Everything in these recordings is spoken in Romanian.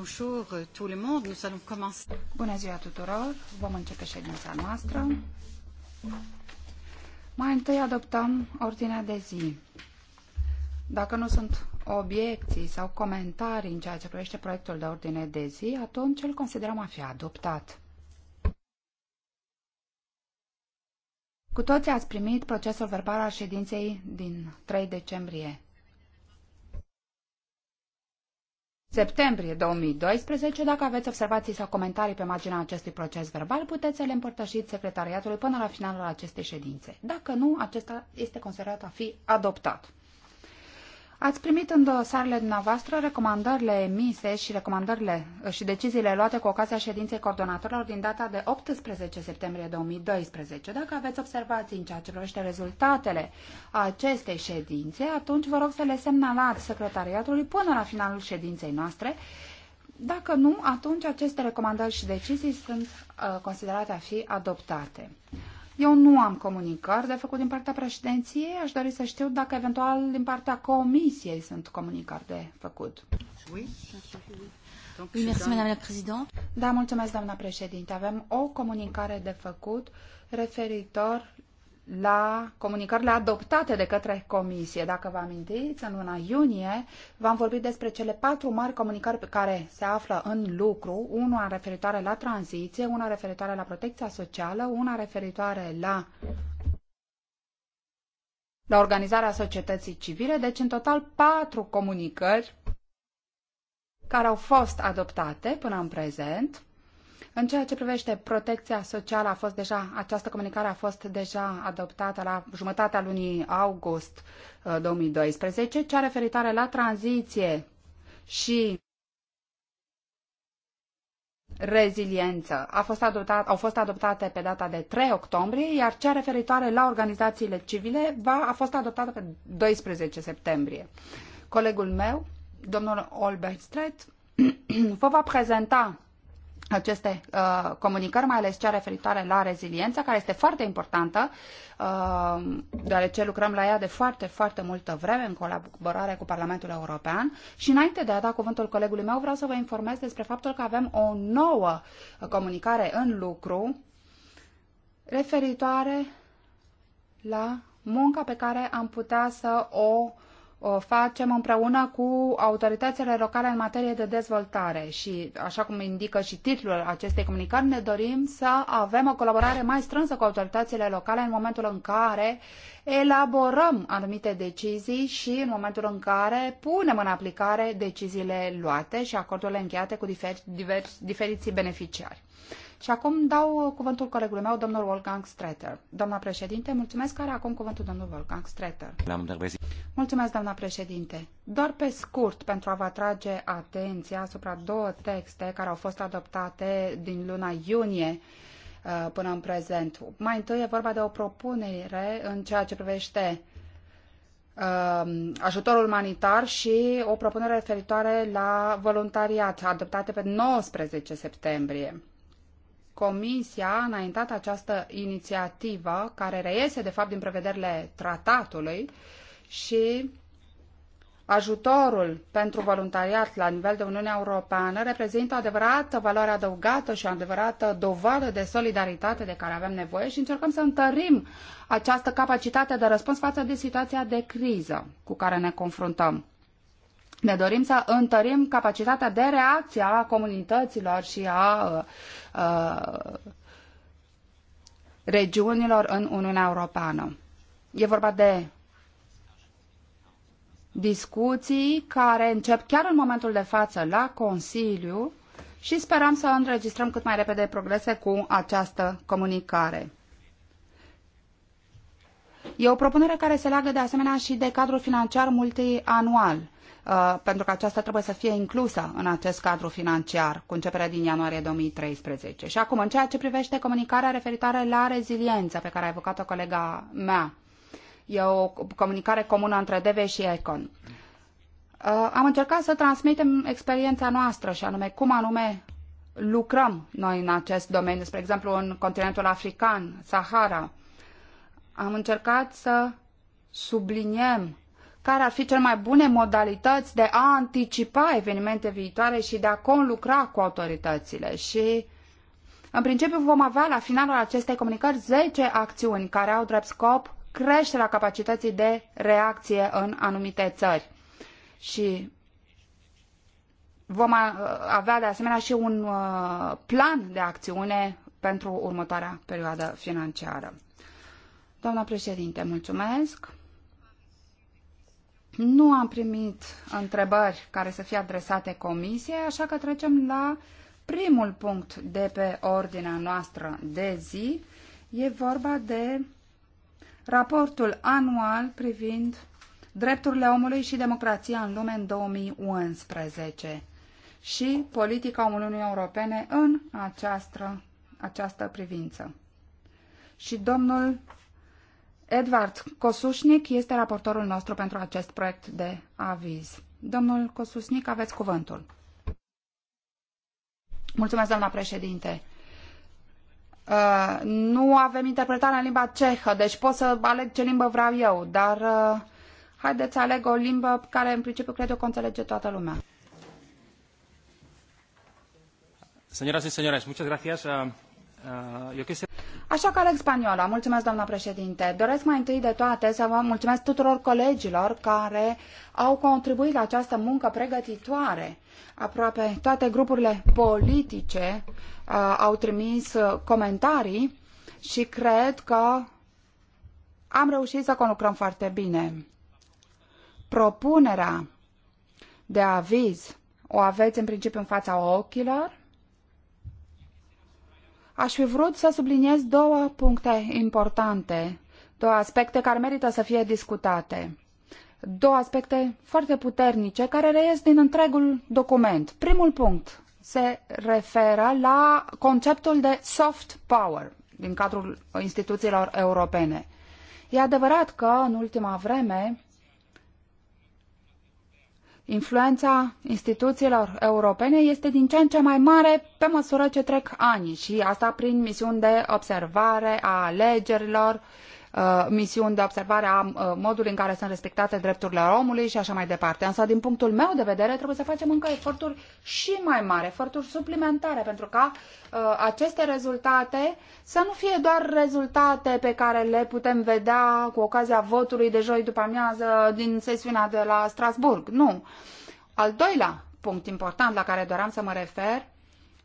Bonjour euh, tout le monde. Nous allons commencer. Bună ziua tuturor. Vom începe ședința noastră. Mai întâi adoptăm ordinea de zi. Dacă nu sunt obiecții sau comentarii în ceea ce privește proiectul de ordine de zi, atunci îl considerăm a fi adoptat. Cu toții ați primit procesul verbal al ședinței din 3 decembrie septembrie 2012. Dacă aveți observații sau comentarii pe marginea acestui proces verbal, puteți să le împărtășiți secretariatului până la finalul acestei ședințe. Dacă nu, acesta este considerat a fi adoptat. Ați primit în dosarele dumneavoastră recomandările emise și recomandările uh, și deciziile luate cu ocazia ședinței coordonatorilor din data de 18 septembrie 2012. Dacă aveți observații în ceea ce privește rezultatele acestei ședințe, atunci vă rog să le semnalați secretariatului până la finalul ședinței noastre. Dacă nu, atunci aceste recomandări și decizii sunt uh, considerate a fi adoptate. Eu nu am comunicări de făcut din partea președinției. Aș dori să știu dacă eventual din partea comisiei sunt comunicări de făcut. Oui. Da, mulțumesc, doamna președinte. Avem o comunicare de făcut referitor la comunicările adoptate de către Comisie. Dacă vă amintiți, în luna iunie v-am vorbit despre cele patru mari comunicări pe care se află în lucru, una referitoare la tranziție, una referitoare la protecția socială, una referitoare la la organizarea societății civile, deci în total patru comunicări care au fost adoptate până în prezent în ceea ce privește protecția socială, a fost deja, această comunicare a fost deja adoptată la jumătatea lunii august 2012, uh, cea referitoare la tranziție și reziliență a fost adoptat, au fost adoptate pe data de 3 octombrie, iar cea referitoare la organizațiile civile va, a fost adoptată pe 12 septembrie. Colegul meu, domnul Olbert Stret, vă va prezenta aceste uh, comunicări, mai ales cea referitoare la reziliență, care este foarte importantă, uh, deoarece lucrăm la ea de foarte, foarte multă vreme în colaborare cu Parlamentul European. Și înainte de a da cuvântul colegului meu, vreau să vă informez despre faptul că avem o nouă comunicare în lucru referitoare la munca pe care am putea să o uh, o facem împreună cu autoritățile locale în materie de dezvoltare și, așa cum indică și titlul acestei comunicări, ne dorim să avem o colaborare mai strânsă cu autoritățile locale în momentul în care elaborăm anumite decizii și în momentul în care punem în aplicare deciziile luate și acordurile încheiate cu diferi, diferi, diferiții beneficiari. Și acum dau uh, cuvântul colegului meu, domnul Wolfgang Streter. Doamna președinte, mulțumesc care acum cuvântul domnul Wolfgang Streter. Mulțumesc, doamna președinte. Doar pe scurt, pentru a vă atrage atenția asupra două texte care au fost adoptate din luna iunie uh, până în prezent. Mai întâi e vorba de o propunere în ceea ce privește um, ajutorul umanitar și o propunere referitoare la voluntariat, adoptate pe 19 septembrie. Comisia a înaintat această inițiativă care reiese de fapt din prevederile tratatului și ajutorul pentru voluntariat la nivel de Uniunea Europeană reprezintă o adevărată valoare adăugată și o adevărată dovadă de solidaritate de care avem nevoie și încercăm să întărim această capacitate de răspuns față de situația de criză cu care ne confruntăm. Ne dorim să întărim capacitatea de reacție a comunităților și a uh, Uh, regiunilor în Uniunea Europeană. E vorba de discuții care încep chiar în momentul de față la Consiliu și sperăm să înregistrăm cât mai repede progrese cu această comunicare. E o propunere care se leagă de asemenea și de cadrul financiar multianual. Uh, pentru că aceasta trebuie să fie inclusă în acest cadru financiar cu începerea din ianuarie 2013. Și acum, în ceea ce privește comunicarea referitoare la reziliență pe care a evocat-o colega mea, e o comunicare comună între DV și ECON. Uh, am încercat să transmitem experiența noastră și anume cum anume lucrăm noi în acest domeniu, spre exemplu în continentul african, Sahara. Am încercat să subliniem care ar fi cel mai bune modalități de a anticipa evenimente viitoare și de a conlucra cu autoritățile. Și în principiu vom avea la finalul acestei comunicări zece acțiuni care au drept scop creșterea capacității de reacție în anumite țări. Și vom uh, avea de asemenea și un uh, plan de acțiune pentru următoarea perioadă financiară. Doamna președinte, mulțumesc. Nu am primit întrebări care să fie adresate comisiei, așa că trecem la primul punct de pe ordinea noastră de zi. E vorba de raportul anual privind drepturile omului și democrația în lume în 2011 și politica Uniunii Europene în această, această privință. Și domnul Edward Kosușnic este raportorul nostru pentru acest proiect de aviz. Domnul Kosusnic, aveți cuvântul. Mulțumesc, doamna președinte. Uh, nu avem interpretare în limba cehă, deci pot să aleg ce limbă vreau eu, dar uh, haideți să aleg o limbă care în principiu cred eu că o înțelege toată lumea. Señoras y señores, muchas gracias. Uh... Uh, Așa că aleg spaniola. Mulțumesc, doamna președinte. Doresc mai întâi de toate să vă mulțumesc tuturor colegilor care au contribuit la această muncă pregătitoare. Aproape toate grupurile politice uh, au trimis uh, comentarii și cred că am reușit să conlucrăm foarte bine. Propunerea de aviz o aveți în principiu în fața ochilor Aș fi vrut să subliniez două puncte importante, două aspecte care merită să fie discutate. Două aspecte foarte puternice care reiesc din întregul document. Primul punct se referă la conceptul de soft power din cadrul instituțiilor europene. E adevărat că în ultima vreme Influența instituțiilor europene este din ce în ce mai mare pe măsură ce trec ani și asta prin misiuni de observare a alegerilor Uh, misiuni de observare a uh, modului în care sunt respectate drepturile omului și așa mai departe. Însă, din punctul meu de vedere, trebuie să facem încă eforturi și mai mari, eforturi suplimentare, pentru ca uh, aceste rezultate să nu fie doar rezultate pe care le putem vedea cu ocazia votului de joi după amiază din sesiunea de la Strasburg. Nu. Al doilea punct important la care doream să mă refer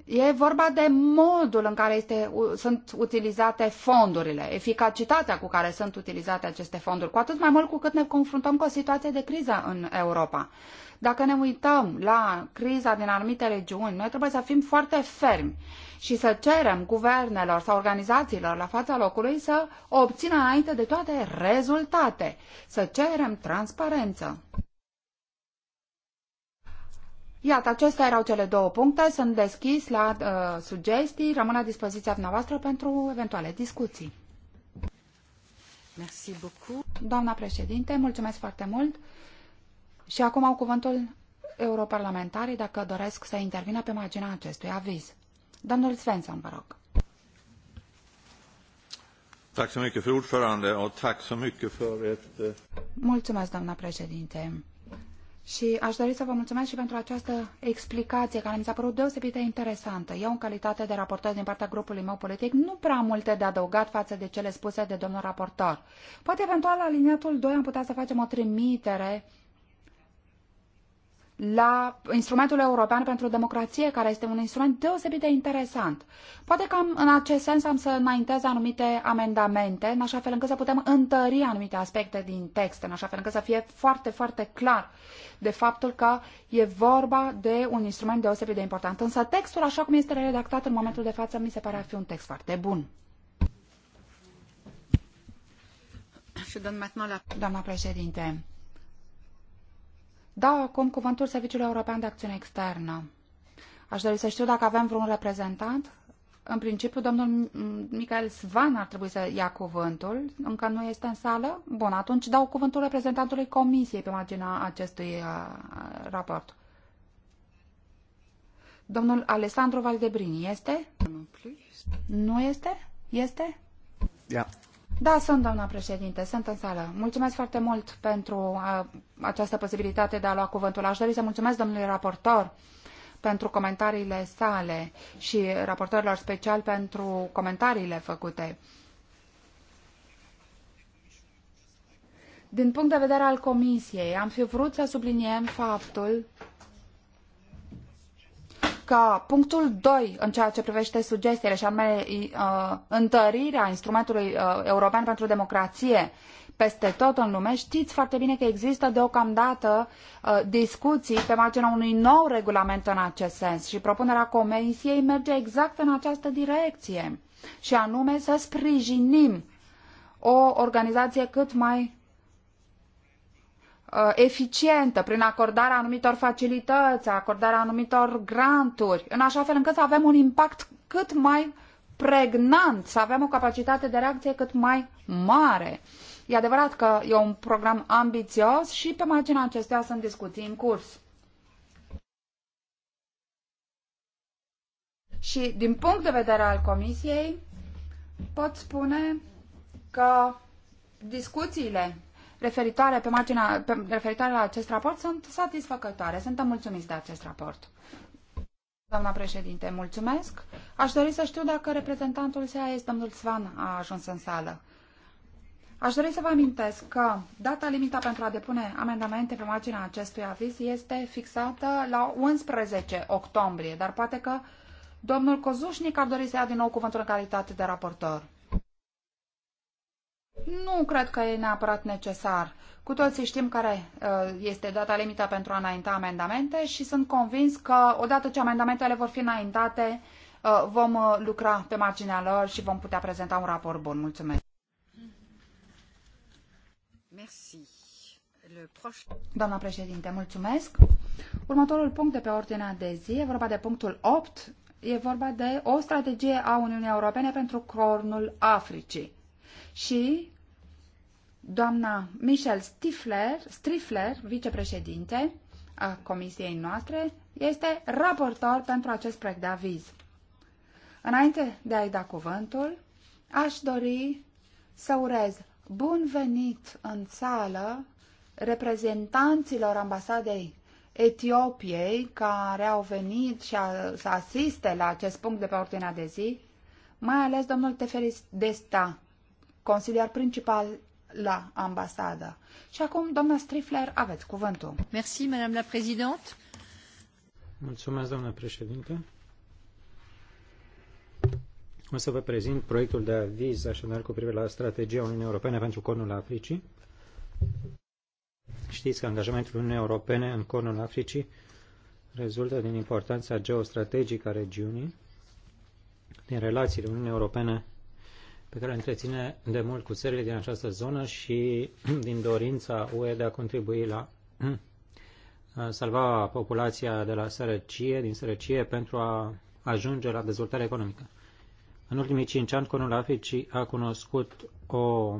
E vorba de modul în care este, sunt utilizate fondurile, eficacitatea cu care sunt utilizate aceste fonduri, cu atât mai mult cu cât ne confruntăm cu o situație de criză în Europa. Dacă ne uităm la criza din anumite regiuni, noi trebuie să fim foarte fermi și să cerem guvernelor sau organizațiilor la fața locului să obțină înainte de toate rezultate, să cerem transparență. Iată, acestea erau cele două puncte. Sunt deschis la uh, sugestii. Rămân la dispoziția dumneavoastră pentru eventuale discuții. Merci beaucoup. Doamna președinte, mulțumesc foarte mult. Și acum au cuvântul europarlamentarii dacă doresc să intervină pe marginea acestui aviz. Domnul Svensson, vă rog. Eh, mulțumesc, doamna președinte. Și aș dori să vă mulțumesc și pentru această explicație care mi s-a părut deosebit de interesantă. Eu, în calitate de raportor din partea grupului meu politic, nu prea multe de adăugat față de cele spuse de domnul raportor. Poate eventual la aliniatul 2 am putea să facem o trimitere uh, la instrumentul european pentru democrație, care este un instrument deosebit de interesant. Poate că am, în acest sens am să înaintez anumite amendamente, în așa fel încât să putem întări anumite aspecte din text, în așa fel încât să fie foarte, foarte clar de faptul că e vorba de un instrument deosebit de important. Însă textul, așa cum este redactat în momentul de față, mi se pare a fi un text foarte bun. Doamna președinte, da, acum cuvântul Serviciului European de Acțiune Externă. Aș dori să știu dacă avem vreun reprezentant. În principiu, domnul Michael Svan ar trebui să ia cuvântul. Încă nu este în sală? Bun, atunci dau cuvântul reprezentantului Comisiei pe marginea acestui uh, raport. Domnul Alessandro Valdebrini este? Nu este? Este? Yeah. Da, sunt, doamna președinte, sunt în sală. Mulțumesc foarte mult pentru a, această posibilitate de a lua cuvântul. Aș dori să mulțumesc domnului raportor pentru comentariile sale și raportorilor special pentru comentariile făcute. Din punct de vedere al Comisiei, am fi vrut să subliniem faptul că punctul 2 în ceea ce privește sugestiile și anume uh, întărirea instrumentului uh, european pentru democrație peste tot în lume, știți foarte bine că există deocamdată uh, discuții pe marginea unui nou regulament în acest sens și propunerea Comisiei merge exact în această direcție și anume să sprijinim o organizație cât mai Uh, eficientă prin acordarea anumitor facilități, acordarea anumitor granturi, în așa fel încât să avem un impact cât mai pregnant, să avem o capacitate de reacție cât mai mare. E adevărat că e un program ambițios și pe marginea acestea sunt discuții în curs. Și din punct de vedere al Comisiei, pot spune că discuțiile referitoare, pe marginea, pe, referitoare la acest raport sunt satisfăcătoare. Suntem mulțumiți de acest raport. Doamna președinte, mulțumesc. Aș dori să știu dacă reprezentantul SEAES, domnul Svan, a ajuns în sală. Aș dori să vă amintesc că data limită pentru a depune amendamente pe marginea acestui aviz este fixată la 11 octombrie, dar poate că domnul Cozușnic ar dori să ia din nou cuvântul în calitate de raportor. Nu cred că e neapărat necesar. Cu toții știm care uh, este data limită pentru a înainta amendamente și sunt convins că odată ce amendamentele vor fi înaintate, uh, vom uh, lucra pe marginea lor și vom putea prezenta un raport bun. Mulțumesc! Merci. Doamna președinte, mulțumesc. Următorul punct de pe ordinea de zi e vorba de punctul 8. E vorba de o strategie a Uniunii Europene pentru cornul Africii. Și doamna Michelle Stifler, Strifler, vicepreședinte a comisiei noastre, este raportor pentru acest proiect de aviz. Înainte de a-i da cuvântul, aș dori să urez bun venit în sală reprezentanților ambasadei Etiopiei care au venit și a, să asiste la acest punct de pe ordinea de zi, mai ales domnul Teferis Desta, consilier principal la ambasadă. Și acum, doamna Strifler, aveți cuvântul. Merci, madame la présidente. Mulțumesc, doamna președinte. O să vă prezint proiectul de aviz, așadar, cu privire la strategia Uniunii Europene pentru Cornul Africii. Știți că angajamentul Uniunii Europene în Cornul Africii rezultă din importanța geostrategică a regiunii, din relațiile Uniunii Europene pe care o întreține de mult cu țările din această zonă și din dorința UE de a contribui la a salva populația de la sărăcie, din sărăcie pentru a ajunge la dezvoltare economică. În ultimii cinci ani, Conul Africii a cunoscut o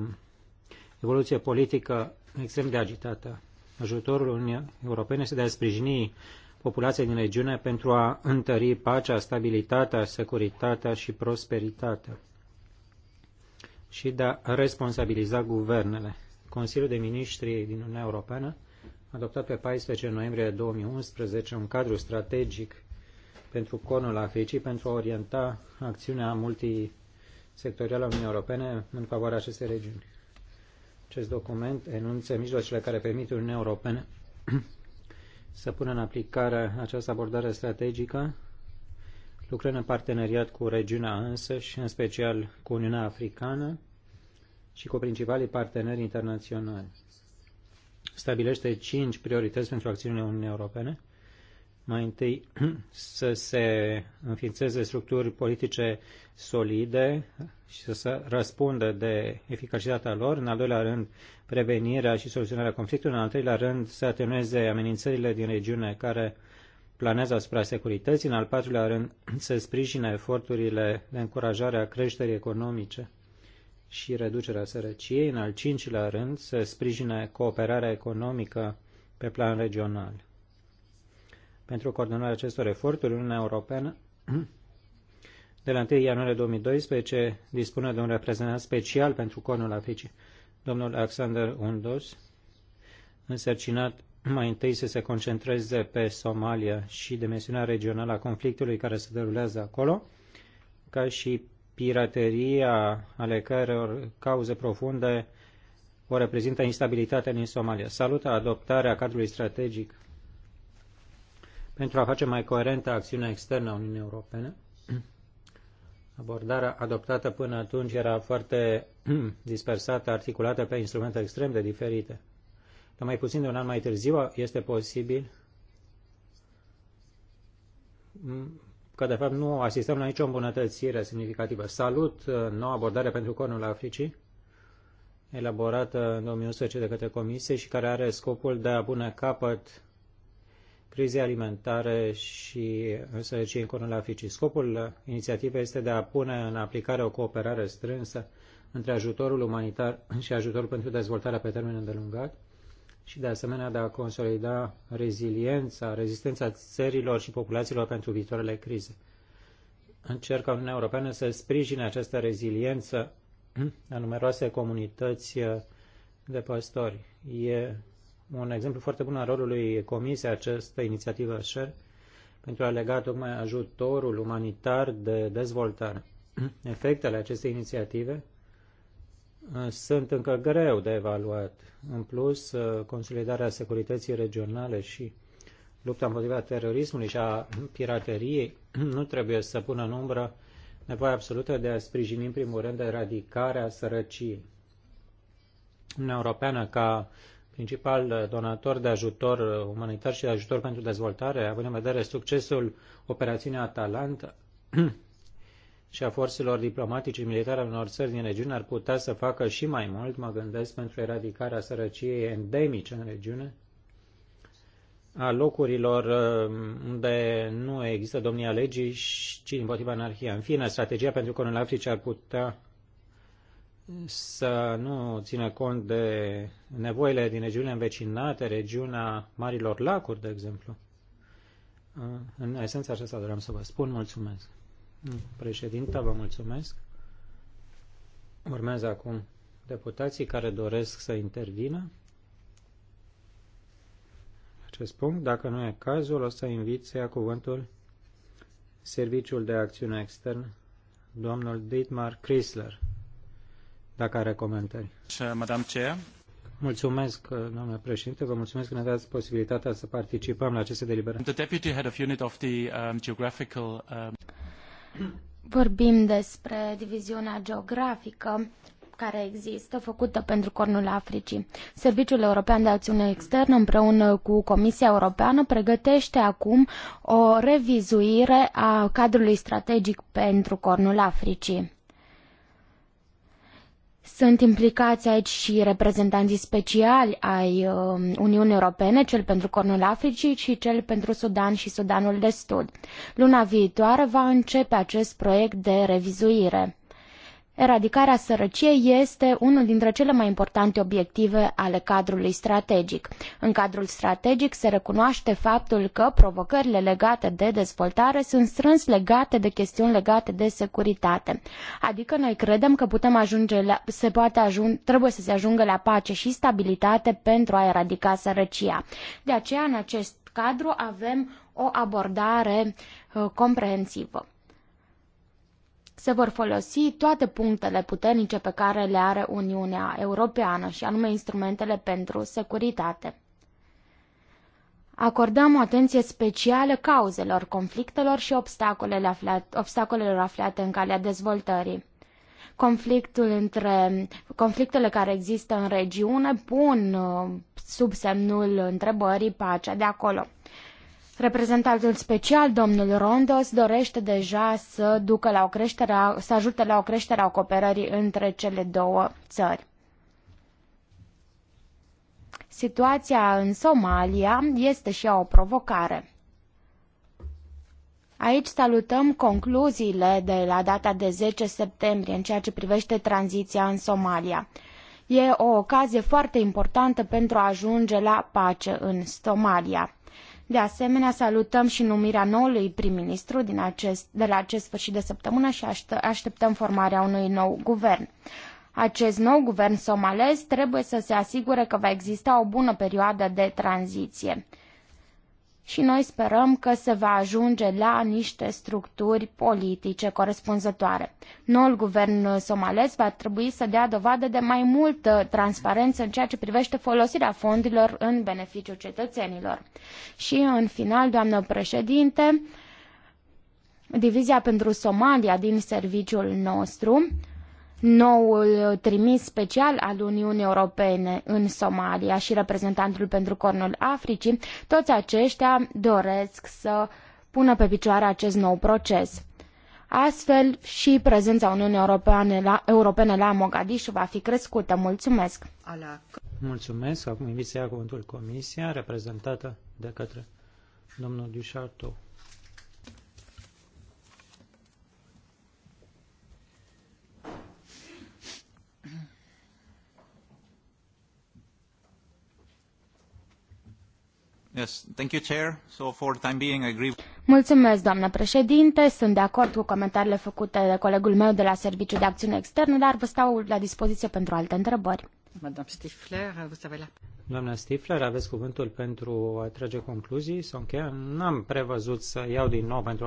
evoluție politică extrem de agitată. Ajutorul Uniunii Europene este de a sprijini populația din regiune pentru a întări pacea, stabilitatea, securitatea și prosperitatea și de a responsabiliza guvernele. Consiliul de Ministri din Uniunea Europeană a adoptat pe 14 noiembrie 2011 un cadru strategic pentru Conul Africii pentru a orienta acțiunea multisectorială a Uniunii Europene în favoarea acestei regiuni. Acest document enunță mijloacele care permit Uniunea Europene să pună în aplicare această abordare strategică lucrând în parteneriat cu regiunea însă și în special cu Uniunea Africană și cu principalii parteneri internaționali. Stabilește cinci priorități pentru acțiunile Uniunii Europene. Mai întâi, să se înființeze structuri politice solide și să se răspundă de eficacitatea lor. În al doilea rând, prevenirea și soluționarea conflictului. În al treilea rând, să atenueze amenințările din regiune care uh, planează asupra securității, în al patrulea rând se sprijină eforturile de încurajare a creșterii economice și reducerea sărăciei, în al cincilea rând se sprijină cooperarea economică pe plan regional. Pentru coordonarea acestor eforturi, Uniunea Europeană de la 1 ianuarie 2012 dispune de un reprezentant special pentru Cornul Africii, domnul Alexander Undos, însărcinat mai întâi să se concentreze pe Somalia și dimensiunea regională a conflictului care se derulează acolo, ca și pirateria ale căror cauze profunde o reprezintă instabilitatea din Somalia. Salută adoptarea cadrului strategic pentru a face mai coerentă acțiunea externă a Uniunii Europene. Abordarea adoptată până atunci era foarte dispersată, articulată pe instrumente extrem de diferite dar mai puțin de un an mai târziu este posibil că de fapt nu asistăm la nicio îmbunătățire semnificativă. Salut uh, noua abordare pentru cornul Africii, elaborată în 2011 de către Comisie și care are scopul de a pune capăt crizei alimentare și sărăciei în cornul Africii. Scopul inițiativei este de a pune în aplicare o cooperare strânsă între ajutorul umanitar și ajutorul pentru dezvoltarea pe termen îndelungat și de asemenea de a consolida reziliența, rezistența țărilor și populațiilor pentru viitoarele crize. Încercă Uniunea Europeană să sprijine această reziliență a numeroase comunități de păstori. E un exemplu foarte bun al rolului Comisiei această inițiativă SHARE pentru a lega tocmai ajutorul umanitar de dezvoltare. Efectele acestei inițiative sunt încă greu de evaluat. În plus, uh, consolidarea securității regionale și lupta împotriva terorismului și a pirateriei nu trebuie să pună în umbră nevoia absolută de a sprijini, în primul rând, eradicarea sărăciei. Uniunea Europeană, ca principal donator de ajutor umanitar și de ajutor pentru dezvoltare, având în vedere succesul operațiunii Atalanta, și a forțelor diplomatice și militare ale unor țări din regiune ar putea să facă și mai mult, mă gândesc, pentru eradicarea sărăciei endemice în regiune, a locurilor uh, unde nu există domnia legii, ci împotriva anarhia. În fine, strategia pentru colonul Africii ar putea să nu țină cont de nevoile din regiunile învecinate, regiunea Marilor Lacuri, de exemplu. Uh, în esență, așa doream să vă spun. Mulțumesc! Președinte, vă mulțumesc. Urmează acum deputații care doresc să intervină. Acest punct, dacă nu e cazul, o să invit să ia cuvântul Serviciul de Acțiune Externă, domnul Dietmar Chrysler, dacă are comentarii. Madame Cea, Mulțumesc, domnule președinte, vă mulțumesc că ne dați posibilitatea să participăm la aceste deliberări. The deputy head of unit of the um, geographical um... Vorbim despre diviziunea geografică care există, făcută pentru Cornul Africii. Serviciul European de Acțiune Externă împreună cu Comisia Europeană pregătește acum o revizuire a cadrului strategic pentru Cornul Africii. Sunt implicați aici și reprezentanții speciali ai um, Uniunii Europene, cel pentru Cornul Africii și cel pentru Sudan și Sudanul de Sud. Luna viitoare va începe acest proiect de revizuire. Eradicarea sărăciei este unul dintre cele mai importante obiective ale cadrului strategic. În cadrul strategic se recunoaște faptul că provocările legate de dezvoltare sunt strâns legate de chestiuni legate de securitate. Adică noi credem că putem ajunge la, se poate trebuie să se ajungă la pace și stabilitate pentru a eradica sărăcia. De aceea, în acest cadru avem o abordare uh, comprehensivă se vor folosi toate punctele puternice pe care le are Uniunea Europeană și anume instrumentele pentru securitate. Acordăm o atenție specială cauzelor conflictelor și obstacolele aflate, obstacolelor aflate în calea dezvoltării conflictul între conflictele care există în regiune pun uh, sub semnul întrebării pacea de acolo. Reprezentantul special, domnul Rondos, dorește deja să, ducă la o creștere, să ajute la o creștere a cooperării între cele două țări. Situația în Somalia este și ea o provocare. Aici salutăm concluziile de la data de 10 septembrie în ceea ce privește tranziția în Somalia. E o ocazie foarte importantă pentru a ajunge la pace în Somalia. De asemenea, salutăm și numirea noului prim-ministru din acest, de la acest sfârșit de săptămână și așteptăm formarea unui nou guvern. Acest nou guvern somalez trebuie să se asigure că va exista o bună perioadă de tranziție și noi sperăm că se va ajunge la niște structuri politice corespunzătoare. Noul guvern somalez va trebui să dea dovadă de mai multă transparență în ceea ce privește folosirea fondurilor în beneficiul cetățenilor. Și în final, doamnă președinte, Divizia pentru Somalia din serviciul nostru noul trimis special al Uniunii Europene în Somalia și reprezentantul pentru Cornul Africii, toți aceștia doresc să pună pe picioare acest nou proces. Astfel, și prezența Uniunii Europene la, Europene la Mogadishu va fi crescută. Mulțumesc! Mulțumesc! Acum invit să ia cuvântul Comisia, reprezentată de către domnul Dușartu. Mulțumesc, doamnă președinte. Sunt de acord cu comentariile făcute de colegul meu de la Serviciul de Acțiune Externă, dar vă stau la dispoziție pentru alte întrebări. Madame Stifler, la... Doamna Stifler, aveți cuvântul pentru a trage concluzii sau încheia? N-am prevăzut să iau din nou pentru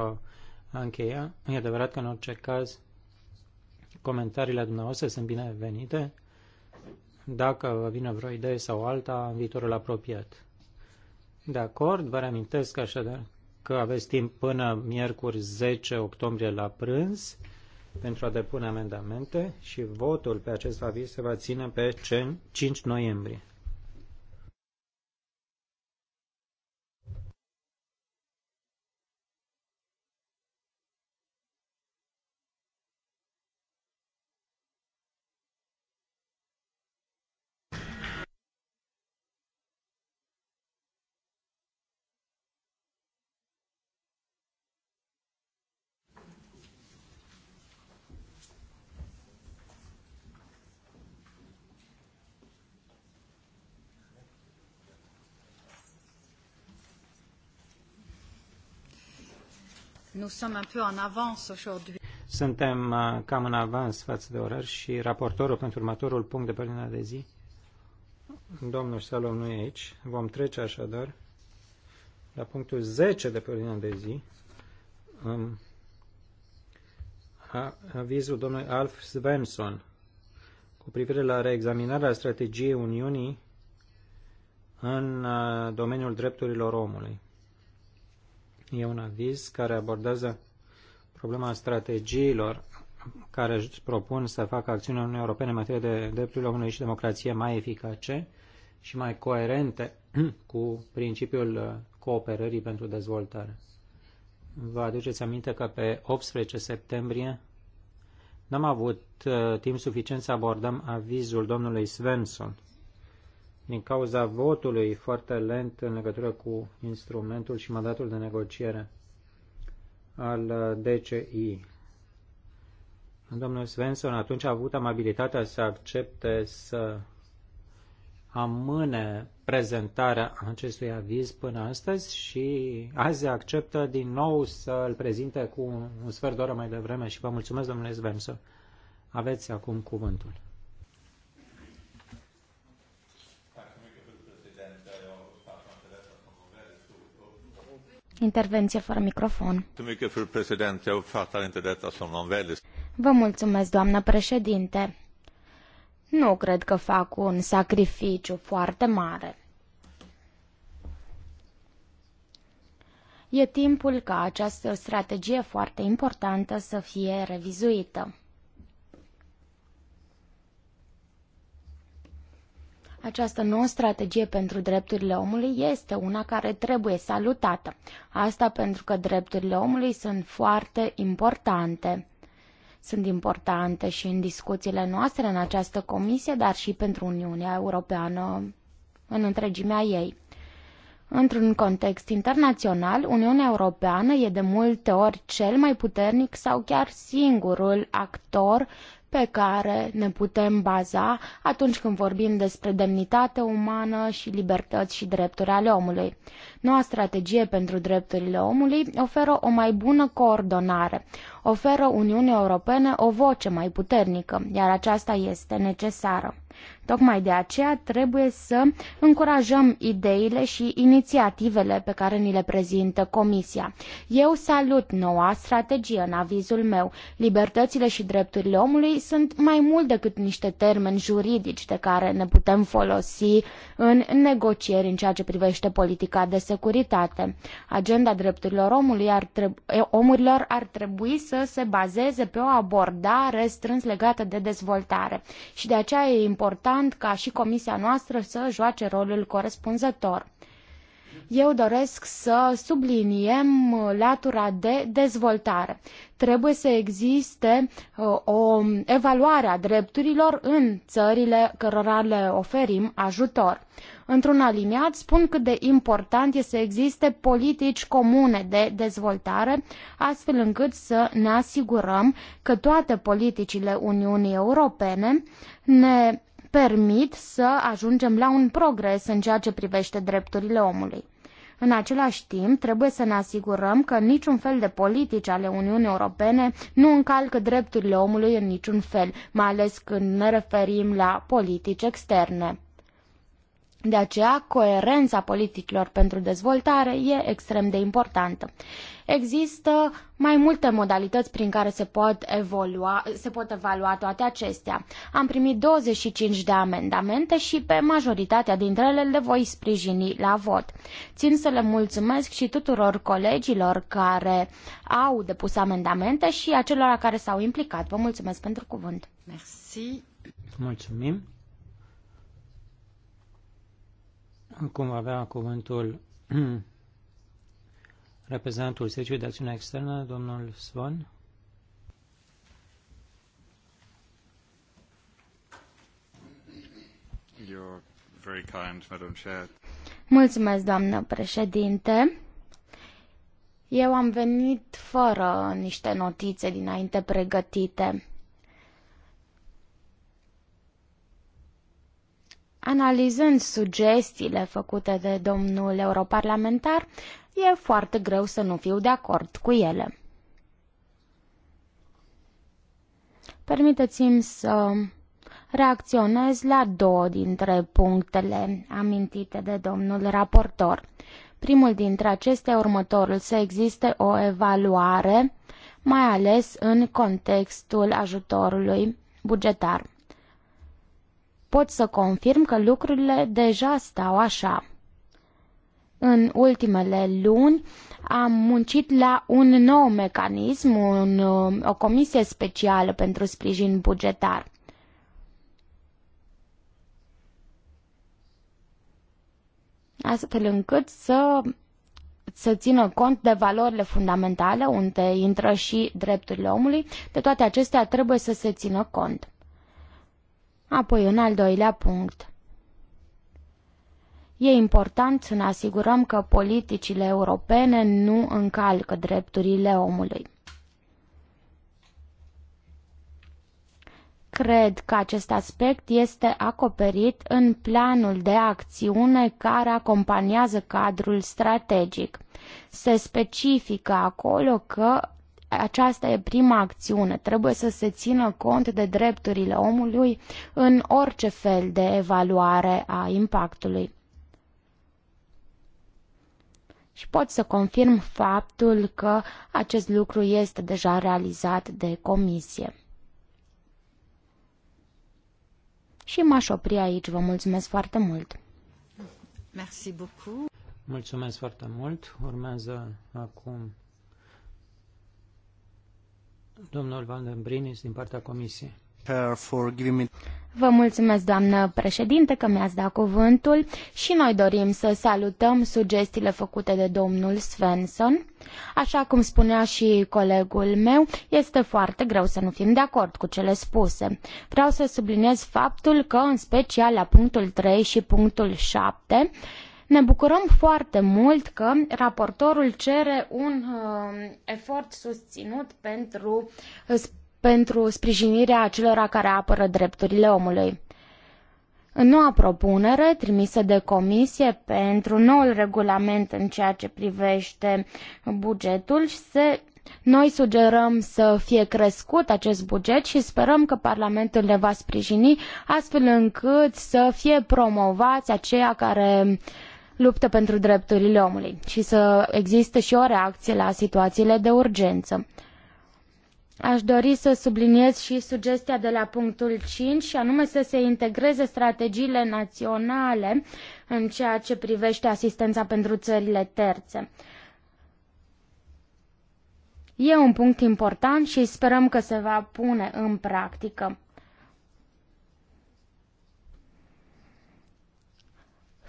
a încheia. E adevărat că în orice caz comentariile dumneavoastră sunt binevenite. Dacă vă vine vreo idee sau alta, în viitorul apropiat. De acord, vă reamintesc așadar că aveți timp până miercuri 10 octombrie la prânz pentru a depune amendamente și votul pe acest aviz se va ține pe 5 noiembrie. Suntem uh, cam în avans față de orar și raportorul pentru următorul punct de pe de zi, domnul Salom nu e aici. Vom trece așadar la punctul 10 de pe de zi, um, a, avizul domnului Alf Svensson cu privire la reexaminarea strategiei Uniunii în uh, domeniul drepturilor omului. E un aviz care abordează problema strategiilor care își propun să facă acțiunea Uniunii Europene în materie de drepturile omului și democrație mai eficace și mai coerente cu principiul uh, cooperării pentru dezvoltare. Vă aduceți aminte că pe 18 septembrie n-am avut uh, timp suficient să abordăm avizul domnului Svensson din cauza votului foarte lent în legătură cu instrumentul și mandatul de negociere al uh, DCI. Domnul Svensson atunci a avut amabilitatea să accepte să amâne prezentarea acestui aviz până astăzi și azi acceptă din nou să îl prezinte cu un sfert de oră mai devreme și vă mulțumesc, domnule Svensson. Aveți acum cuvântul. Intervenție fără microfon. Vă mulțumesc, doamnă președinte. Nu cred că fac un sacrificiu foarte mare. E timpul ca această strategie foarte importantă să fie revizuită. Această nouă strategie pentru drepturile omului este una care trebuie salutată. Asta pentru că drepturile omului sunt foarte importante. Sunt importante și în discuțiile noastre în această comisie, dar și pentru Uniunea Europeană în întregimea ei. Într-un context internațional, Uniunea Europeană e de multe ori cel mai puternic sau chiar singurul actor pe care ne putem baza atunci când vorbim despre demnitate umană și libertăți și drepturi ale omului. Noua strategie pentru drepturile omului oferă o mai bună coordonare, oferă Uniunii Europene o voce mai puternică, iar aceasta este necesară. Tocmai de aceea trebuie să încurajăm ideile și inițiativele pe care ni le prezintă Comisia. Eu salut noua strategie în avizul meu. Libertățile și drepturile omului sunt mai mult decât niște termeni juridici de care ne putem folosi în negocieri în ceea ce privește politica de securitate. Agenda drepturilor omului ar trebui, omurilor ar trebui să se bazeze pe o abordare strâns legată de dezvoltare și de aceea e important ca și comisia noastră să joace rolul corespunzător eu doresc să subliniem latura de dezvoltare. Trebuie să existe uh, o evaluare a drepturilor în țările cărora le oferim ajutor. Într-un aliniat spun cât de important este să existe politici comune de dezvoltare, astfel încât să ne asigurăm că toate politicile Uniunii Europene ne permit să ajungem la un progres în ceea ce privește drepturile omului. În același timp, trebuie să ne asigurăm că niciun fel de politici ale Uniunii Europene nu încalcă drepturile omului în niciun fel, mai ales când ne referim la politici externe. De aceea, coerența politicilor pentru dezvoltare e extrem de importantă. Există mai multe modalități prin care se pot, evolua, se pot evalua toate acestea. Am primit 25 de amendamente și pe majoritatea dintre ele le voi sprijini la vot. Țin să le mulțumesc și tuturor colegilor care au depus amendamente și acelora care s-au implicat. Vă mulțumesc pentru cuvânt. Merci. Mulțumim. Cum avea cuvântul reprezentantul Serviciului de Acțiune Externă, domnul Svan. very kind, Madam Chair. Mulțumesc, doamnă președinte. Eu am venit fără niște notițe dinainte pregătite. Analizând sugestiile făcute de domnul europarlamentar, e foarte greu să nu fiu de acord cu ele. Permiteți-mi să reacționez la două dintre punctele amintite de domnul raportor. Primul dintre acestea următorul, să existe o evaluare, mai ales în contextul ajutorului bugetar. Pot să confirm că lucrurile deja stau așa. În ultimele luni am muncit la un nou mecanism, un, o comisie specială pentru sprijin bugetar. astfel încât să, să țină cont de valorile fundamentale unde intră și drepturile omului, de toate acestea trebuie să se țină cont. Apoi, în al doilea punct. E important să ne asigurăm că politicile europene nu încalcă drepturile omului. Cred că acest aspect este acoperit în planul de acțiune care acompaniază cadrul strategic. Se specifică acolo că aceasta e prima acțiune. Trebuie să se țină cont de drepturile omului în orice fel de evaluare a impactului. Și pot să confirm faptul că acest lucru este deja realizat de comisie. Și m-aș opri aici. Vă mulțumesc foarte mult! Merci beaucoup. Mulțumesc foarte mult. Urmează acum Domnul Van den Brinis, din partea Comisiei. Vă mulțumesc, doamnă președinte, că mi-ați dat cuvântul și noi dorim să salutăm sugestiile făcute de domnul Svensson. Așa cum spunea și colegul meu, este foarte greu să nu fim de acord cu cele spuse. Vreau să subliniez faptul că, în special la punctul 3 și punctul 7, ne bucurăm foarte mult că raportorul cere un uh, efort susținut pentru, uh, pentru sprijinirea acelora care apără drepturile omului. În noua propunere trimisă de comisie pentru noul regulament în ceea ce privește bugetul, se noi sugerăm să fie crescut acest buget și sperăm că Parlamentul le va sprijini astfel încât să fie promovați aceia care uh, luptă pentru drepturile omului și să existe și o reacție la situațiile de urgență. Aș dori să subliniez și sugestia de la punctul 5 și anume să se integreze strategiile naționale în ceea ce privește asistența pentru țările terțe. E un punct important și sperăm că se va pune în practică.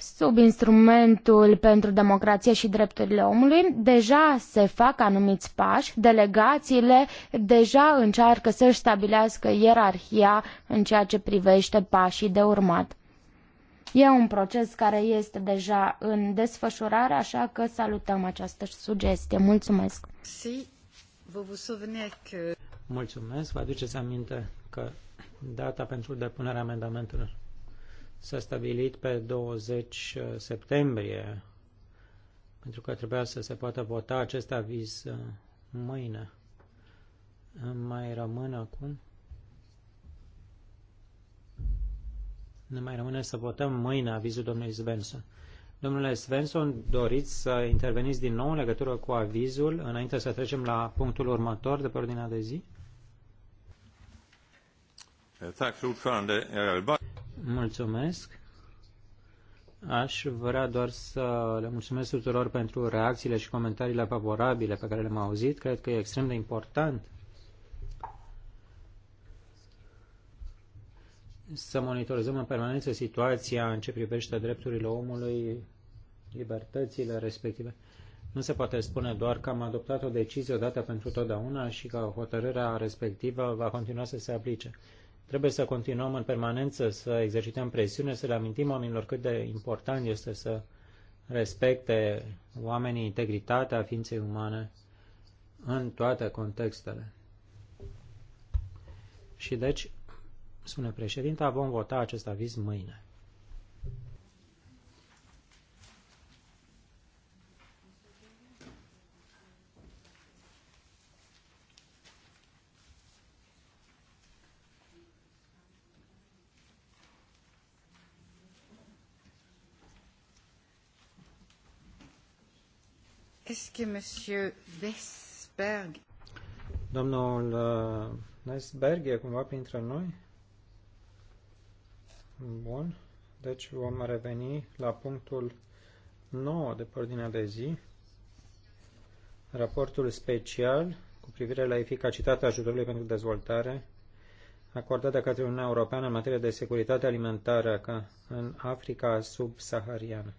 sub instrumentul pentru democrație și drepturile omului, deja se fac anumiți pași, delegațiile deja încearcă să-și stabilească ierarhia în ceea ce privește pașii de urmat. E un proces care este deja în desfășurare, așa că salutăm această sugestie. Mulțumesc! Mulțumesc! Vă aduceți aminte că data pentru depunerea amendamentelor s-a stabilit pe 20 uh, septembrie, pentru că trebuia să se poată vota acest aviz uh, mâine. Mai rămân acum? Ne mai rămâne să votăm mâine avizul domnului Svensson. Domnule Svensson, doriți să interveniți din nou în legătură cu avizul înainte să trecem la punctul următor de pe ordinea de zi? Eh, Mulțumesc. Aș vrea doar să le mulțumesc tuturor pentru reacțiile și comentariile favorabile pe care le-am auzit. Cred că e extrem de important să monitorizăm în permanență situația în ce privește drepturile omului, libertățile respective. Nu se poate spune doar că am adoptat o decizie odată pentru totdeauna și că hotărârea respectivă va continua să se aplice. Trebuie să continuăm în permanență să exercităm presiune, să le amintim oamenilor cât de important este să respecte oamenii integritatea ființei umane în toate contextele. Și deci, spune președinta, vom vota acest aviz mâine. Domnul ce que Monsieur Vesberg... Domnul Vesberg uh, e cumva printre noi? Bun. Deci vom reveni la punctul 9 de pe ordinea de zi, raportul special cu privire la eficacitatea ajutorului pentru dezvoltare acordat de către Uniunea Europeană în materie de securitate alimentară ca în Africa subsahariană.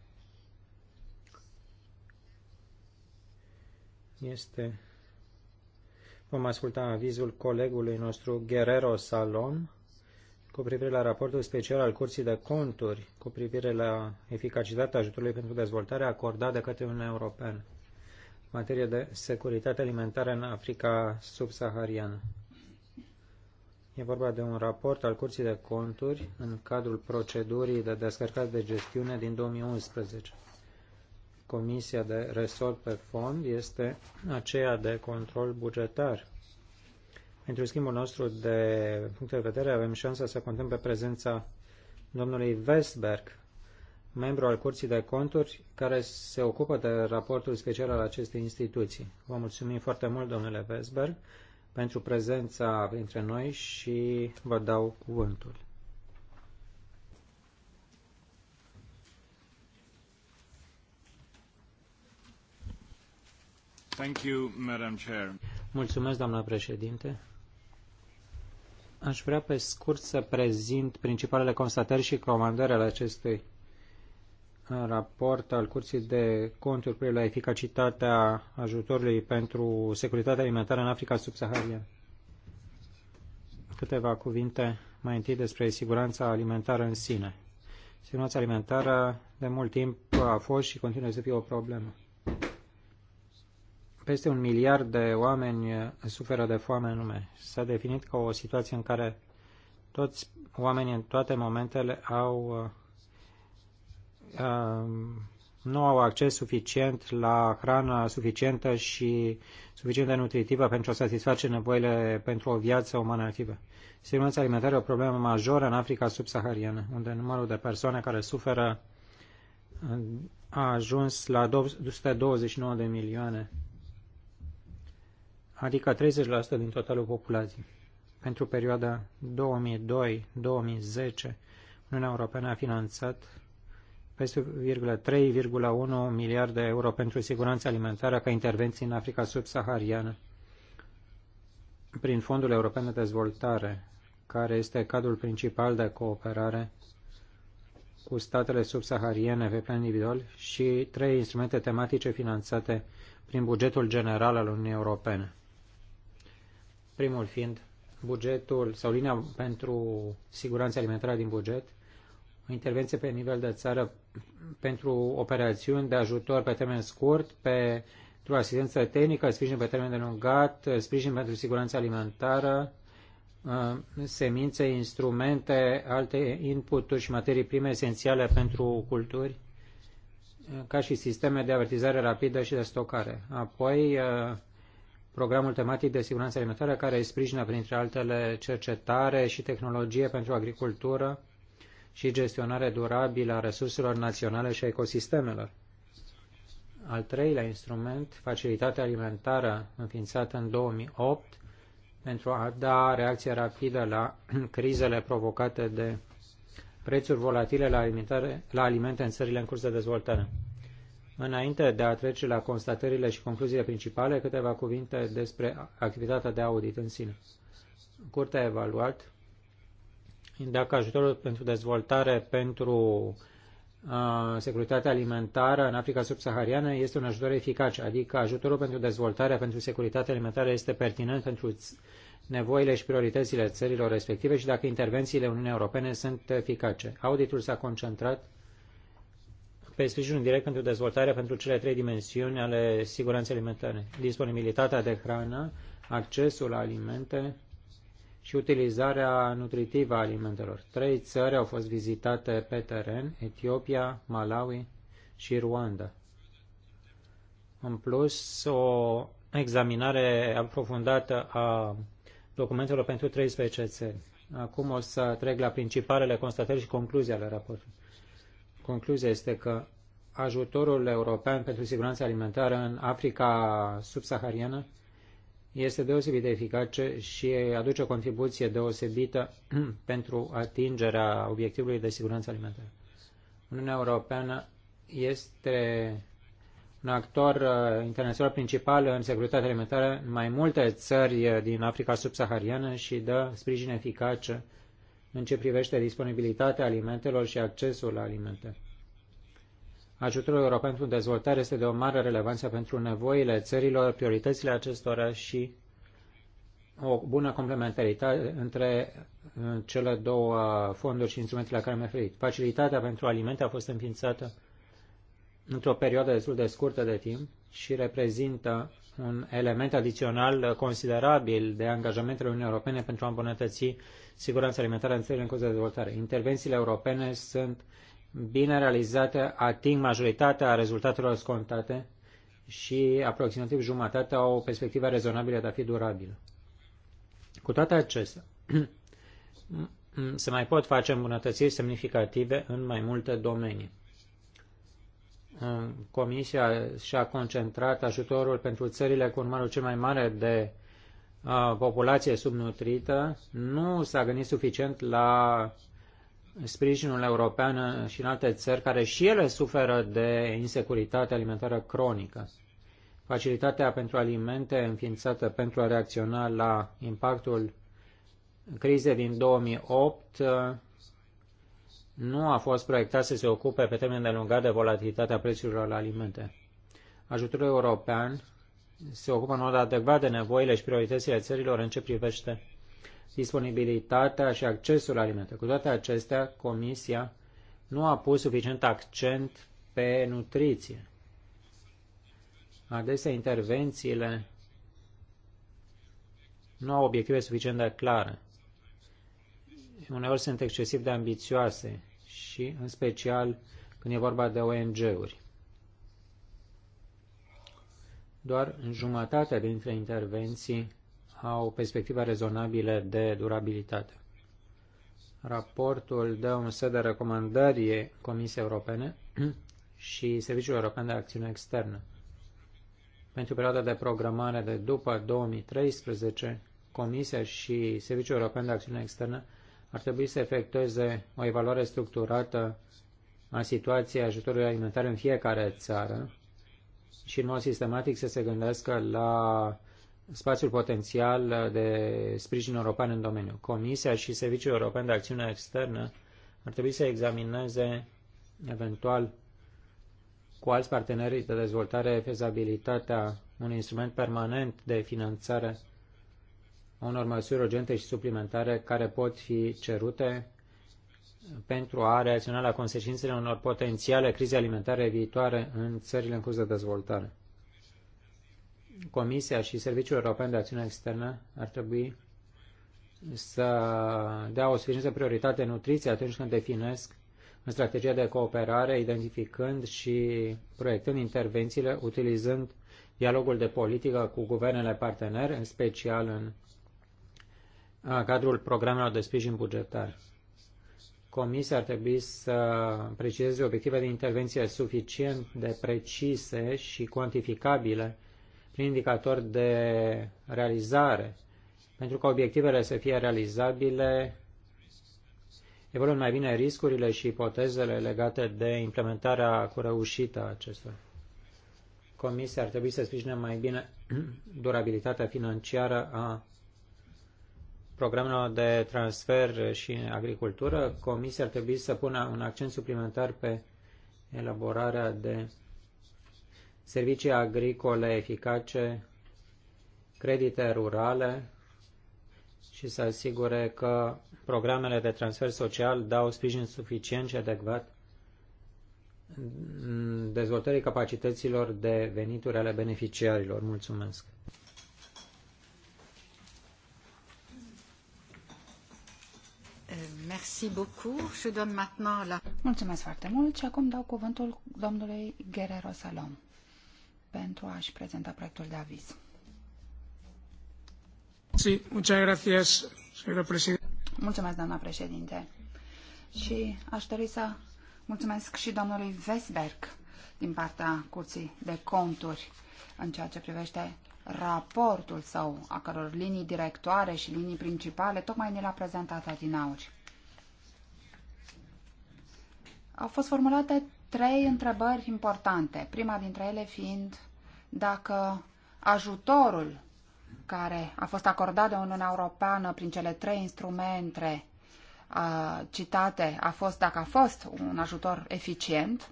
este... Vom asculta avizul colegului nostru Guerrero Salom cu privire la raportul special al Curții de Conturi cu privire la eficacitatea ajutorului pentru dezvoltare acordat de către Uniunea Europeană în materie de securitate alimentară în Africa subsahariană. E vorba de un raport al Curții de Conturi în cadrul procedurii de descărcare de gestiune din 2011 comisia de resort pe fond este aceea de control bugetar. Pentru schimbul nostru de punct de vedere avem șansa să contăm pe prezența domnului Westberg, membru al Curții de Conturi, care se ocupă de raportul special al acestei instituții. Vă mulțumim foarte mult, domnule Westberg, pentru prezența între noi și vă dau cuvântul. Thank you, Madam Chair. Mulțumesc, doamna președinte. Aș vrea pe scurt să prezint principalele constatări și comandări ale acestui raport al Curții de Conturi privind la eficacitatea ajutorului pentru securitatea alimentară în Africa subsahariană. Câteva cuvinte mai întâi despre siguranța alimentară în sine. Siguranța alimentară de mult timp a fost și continuă să fie o problemă. Peste un miliard de oameni suferă de foame în lume. S-a definit ca o situație în care toți oamenii în toate momentele au uh, um, nu au acces suficient la hrană suficientă și suficient de nutritivă pentru a satisface nevoile pentru o viață umană activă. Siguranța alimentară e o problemă majoră în Africa subsahariană, unde numărul de persoane care suferă uh, a ajuns la 229 de milioane adică 30% din totalul populației. Pentru perioada 2002-2010, Uniunea Europeană a finanțat peste 3,1 miliarde de euro pentru siguranța alimentară ca intervenții în Africa subsahariană prin Fondul European de Dezvoltare, care este cadrul principal de cooperare cu statele subsahariene pe plan individual și trei instrumente tematice finanțate prin bugetul general al Uniunii Europene primul fiind bugetul sau linia pentru siguranța alimentară din buget, o intervenție pe nivel de țară pentru operațiuni de ajutor pe termen scurt, pentru asistență tehnică, sprijin pe termen lungat, sprijin pentru siguranța alimentară, uh, semințe, instrumente, alte inputuri și materii prime esențiale pentru culturi, uh, ca și sisteme de avertizare rapidă și de stocare. Apoi, uh, programul tematic de siguranță alimentară care sprijină, printre altele, cercetare și tehnologie pentru agricultură și gestionare durabilă a resurselor naționale și a ecosistemelor. Al treilea instrument, facilitatea alimentară înființată în 2008 pentru a da reacție rapidă la crizele provocate de prețuri volatile la, alimentare, la alimente în țările în curs de dezvoltare. Înainte de a trece la constatările și concluziile principale, câteva cuvinte despre activitatea de audit în sine. Curtea a evaluat dacă ajutorul pentru dezvoltare pentru securitatea alimentară în Africa subsahariană este un ajutor eficace, adică ajutorul pentru dezvoltare pentru securitatea alimentară este pertinent pentru nevoile și prioritățile țărilor respective și dacă intervențiile Uniunii Europene sunt eficace. Auditul s-a concentrat pe sprijinul direct pentru dezvoltare pentru cele trei dimensiuni ale siguranței alimentare. Disponibilitatea de hrană, accesul la alimente și utilizarea nutritivă a alimentelor. Trei țări au fost vizitate pe teren, Etiopia, Malawi și Rwanda. În plus, o examinare aprofundată a documentelor pentru 13 țări. Acum o să trec la principalele constatări și concluzii ale raportului. Concluzia este că ajutorul european pentru siguranța alimentară în Africa subsahariană este deosebit de eficace și aduce o contribuție deosebită pentru atingerea obiectivului de siguranță alimentară. Uniunea Europeană este un actor uh, internațional principal în securitatea alimentară în mai multe țări uh, din Africa subsahariană și dă sprijin eficace în ce privește disponibilitatea alimentelor și accesul la alimente. Ajutorul european pentru dezvoltare este de o mare relevanță pentru nevoile țărilor, prioritățile acestora și o bună complementaritate între uh, cele două fonduri și instrumentele la care am referit. Facilitatea pentru alimente a fost înființată într-o perioadă destul de scurtă de timp și reprezintă un element adițional uh, considerabil de angajamentele Uniunii Europene pentru a îmbunătăți siguranța alimentară în țările în curs de dezvoltare. Intervențiile europene sunt bine realizate, ating majoritatea rezultatelor scontate și aproximativ jumătatea au o perspectivă rezonabilă de a fi durabilă. Cu toate acestea, se mai pot face îmbunătățiri semnificative în mai multe domenii. Comisia și-a concentrat ajutorul pentru țările cu numărul cel mai mare de populație subnutrită, nu s-a gândit suficient la sprijinul european și în alte țări care și ele suferă de insecuritate alimentară cronică. Facilitatea pentru alimente înființată pentru a reacționa la impactul crizei din 2008 nu a fost proiectat să se ocupe pe termen de lungat de volatilitatea prețurilor la alimente. Ajutorul european se ocupă în mod adecvat de nevoile și prioritățile țărilor în ce privește disponibilitatea și accesul la alimente. Cu toate acestea, Comisia nu a pus suficient accent pe nutriție. Adesea, intervențiile nu au obiective suficient de clare. Uneori sunt excesiv de ambițioase și în special când e vorba de ONG-uri. Doar jumătatea dintre intervenții au perspectiva rezonabile de durabilitate. Raportul dă un set de recomandări Comisiei Europene și Serviciul European de Acțiune Externă. Pentru perioada de programare de după 2013, Comisia și Serviciul European de Acțiune Externă ar trebui să efectueze o evaluare structurată a situației ajutorului alimentar în fiecare țară și în mod sistematic să se gândească la spațiul potențial de sprijin european în domeniu. Comisia și Serviciul European de Acțiune Externă ar trebui să examineze eventual cu alți parteneri de dezvoltare fezabilitatea unui instrument permanent de finanțare unor măsuri urgente și suplimentare care pot fi cerute pentru a reacționa la consecințele unor potențiale crize alimentare viitoare în țările în curs de dezvoltare. Comisia și Serviciul European de Acțiune Externă ar trebui să dea o suficientă prioritate nutriției atunci când definesc în strategia de cooperare, identificând și proiectând intervențiile, utilizând dialogul de politică cu guvernele parteneri, în special în a cadrul programelor de sprijin bugetar. Comisia ar trebui să precizeze obiective de intervenție suficient de precise și cuantificabile prin indicatori de realizare, pentru ca obiectivele să fie realizabile, evoluând mai bine riscurile și ipotezele legate de implementarea cu reușită a acestor. Comisia ar trebui să sprijine mai bine durabilitatea financiară a programelor de transfer și agricultură, Comisia ar trebui să pună un accent suplimentar pe elaborarea de servicii agricole eficace, credite rurale și să asigure că programele de transfer social dau sprijin suficient și adecvat dezvoltării capacităților de venituri ale beneficiarilor. Mulțumesc! Mulțumesc foarte mult și acum dau cuvântul domnului Guerrero Salom pentru a-și prezenta proiectul de aviz. Sí, muchas gracias, señora Mulțumesc, doamna președinte. Și aș dori să mulțumesc și domnului Vesberg din partea Curții de Conturi în ceea ce privește raportul său, a căror linii directoare și linii principale tocmai ne l-a prezentat Adinauri. Au fost formulate trei întrebări importante, prima dintre ele fiind dacă ajutorul care a fost acordat de Uniunea Europeană prin cele trei instrumente a, citate a fost, dacă a fost un ajutor eficient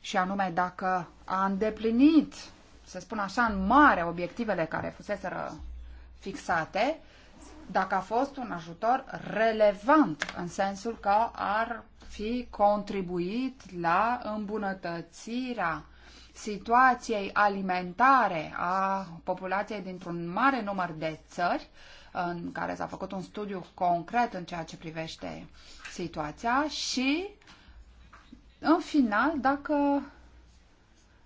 și anume dacă a îndeplinit, să spun așa, în mare obiectivele care fuseseră fixate dacă a fost un ajutor relevant, în sensul că ar fi contribuit la îmbunătățirea situației alimentare a populației dintr-un mare număr de țări, în care s-a făcut un studiu concret în ceea ce privește situația și, în final, dacă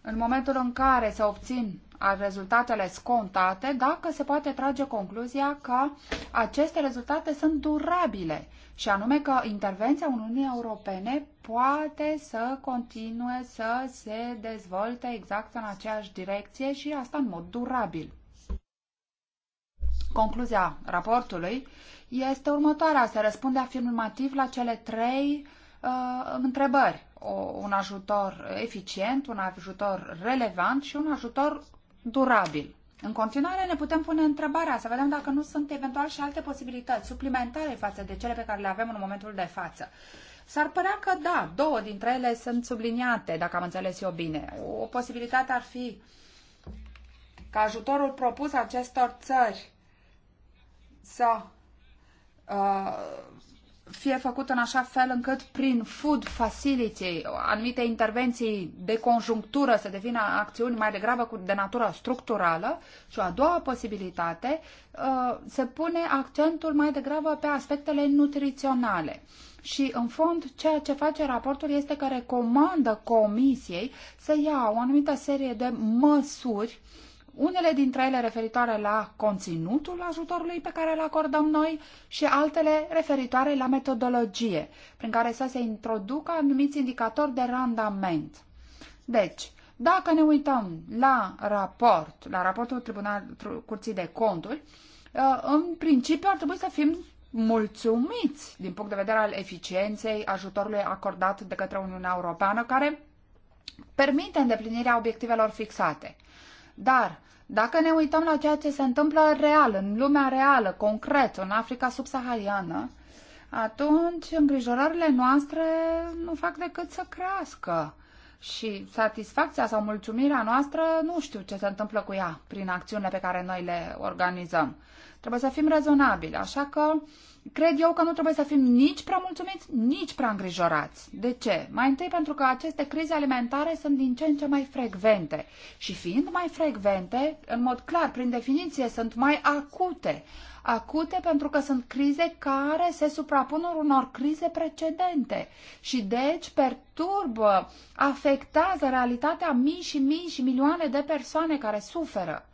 în momentul în care se obțin a rezultatele scontate dacă se poate trage concluzia că aceste rezultate sunt durabile și anume că intervenția Uniunii Europene poate să continue să se dezvolte exact în aceeași direcție și asta în mod durabil. Concluzia raportului este următoarea. Se răspunde afirmativ la cele trei uh, întrebări. O, un ajutor eficient, un ajutor relevant și un ajutor durabil. În continuare ne putem pune întrebarea să vedem dacă nu sunt eventual și alte posibilități suplimentare față de cele pe care le avem în momentul de față. S-ar părea că da, două dintre ele sunt subliniate, dacă am înțeles eu bine. O posibilitate ar fi ca ajutorul propus acestor țări să uh, fie făcut în așa fel încât prin food facility, anumite intervenții de conjunctură să devină acțiuni mai degrabă de natură structurală și o a doua posibilitate uh, se pune accentul mai degrabă pe aspectele nutriționale. Și, în fond, ceea ce face raportul este că recomandă comisiei să ia o anumită serie de măsuri uh, unele dintre ele referitoare la conținutul ajutorului pe care îl acordăm noi și altele referitoare la metodologie, prin care să se introducă anumiți indicatori de randament. Deci, dacă ne uităm la raport, la raportul Tribunal Curții de Conturi, uh, în principiu ar trebui să fim mulțumiți din punct de vedere al eficienței ajutorului acordat de către Uniunea Europeană, care permite îndeplinirea obiectivelor fixate. Dar dacă ne uităm la ceea ce se întâmplă real, în lumea reală, concret, în Africa subsahariană, atunci îngrijorările noastre nu fac decât să crească și satisfacția sau mulțumirea noastră, nu știu ce se întâmplă cu ea prin acțiunile pe care noi le organizăm. Trebuie să fim rezonabili, așa că cred eu că nu trebuie să fim nici prea mulțumiți, nici prea îngrijorați. De ce? Mai întâi pentru că aceste crize alimentare sunt din ce în ce mai frecvente și fiind mai frecvente, în mod clar, prin definiție, sunt mai acute acute pentru că sunt crize care se suprapun unor crize precedente și deci perturbă, afectează realitatea mii și mii și milioane de persoane care suferă.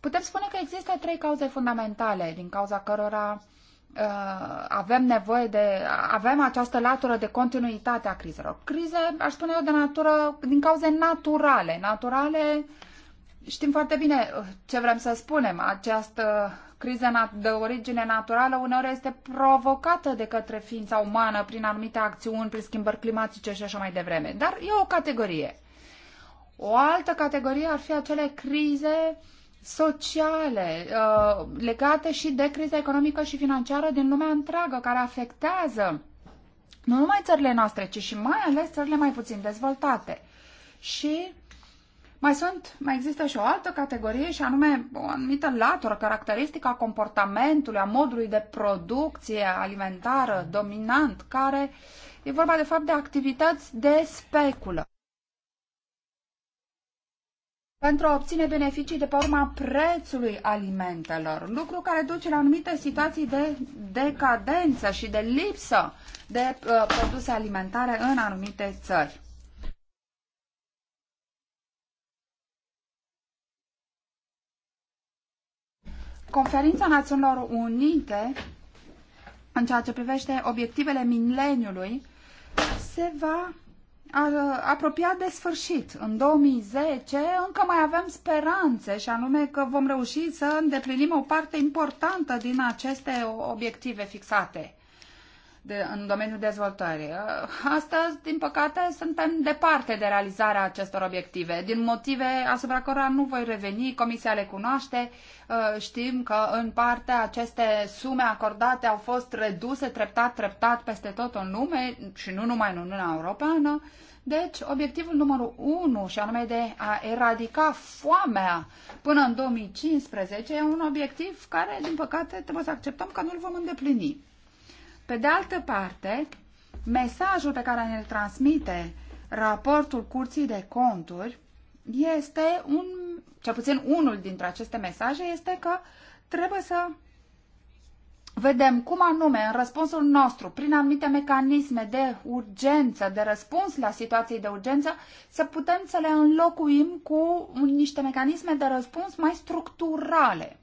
Putem spune că există trei cauze fundamentale din cauza cărora uh, avem nevoie de, avem această latură de continuitate a crizelor. Crize, aș spune eu, de natură, din cauze naturale. Naturale, știm foarte bine ce vrem să spunem. Această Criza de origine naturală uneori este provocată de către ființa umană prin anumite acțiuni, prin schimbări climatice și așa mai devreme. Dar e o categorie. O altă categorie ar fi acele crize sociale uh, legate și de criza economică și financiară din lumea întreagă, care afectează nu numai țările noastre, ci și mai ales țările mai puțin dezvoltate. Și mai sunt, mai există și o altă categorie și anume o anumită latură caracteristică a comportamentului, a modului de producție alimentară dominant, care e vorba de fapt de activități de speculă. Pentru a obține beneficii de pe urma prețului alimentelor, lucru care duce la anumite situații de decadență și de lipsă de uh, produse alimentare în anumite țări. conferința Națiunilor Unite în ceea ce privește obiectivele mileniului se va apropia de sfârșit. În 2010 încă mai avem speranțe și anume că vom reuși să îndeplinim o parte importantă din aceste obiective fixate de, în domeniul dezvoltării. Astăzi, din păcate, suntem departe de realizarea acestor obiective, din motive asupra cărora nu voi reveni, Comisia le cunoaște, uh, știm că în parte aceste sume acordate au fost reduse treptat, treptat peste tot în lume și nu numai în Uniunea Europeană, deci, obiectivul numărul 1, și anume de a eradica foamea până în 2015, e un obiectiv care, din păcate, trebuie să acceptăm că nu-l vom îndeplini. Pe de altă parte, mesajul pe care ne-l transmite raportul Curții de Conturi este un, cel puțin unul dintre aceste mesaje, este că trebuie să vedem cum anume, în răspunsul nostru, prin anumite mecanisme de urgență, de răspuns la situații de urgență, să putem să le înlocuim cu niște mecanisme de răspuns mai structurale.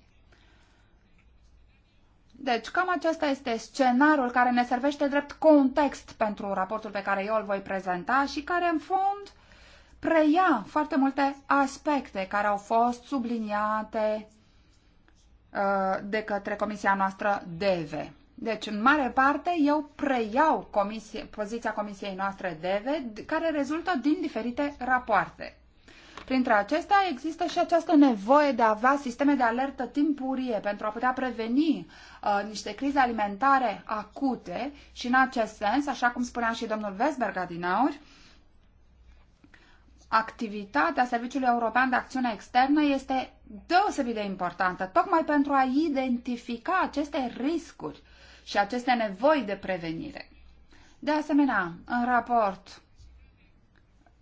Deci, cam acesta este scenariul care ne servește drept context pentru raportul pe care eu îl voi prezenta și care, în fond, preia foarte multe aspecte care au fost subliniate uh, de către comisia noastră DEVE. Deci, în mare parte, eu preiau comisie, poziția comisiei noastre DEVE, care rezultă din diferite rapoarte. Printre acestea există și această nevoie de a avea sisteme de alertă timpurie pentru a putea preveni uh, niște crize alimentare acute și în acest sens, așa cum spunea și domnul Vesberg adinauri, activitatea Serviciului European de Acțiune Externă este deosebit de importantă, tocmai pentru a identifica aceste riscuri și aceste nevoi de prevenire. De asemenea, în raport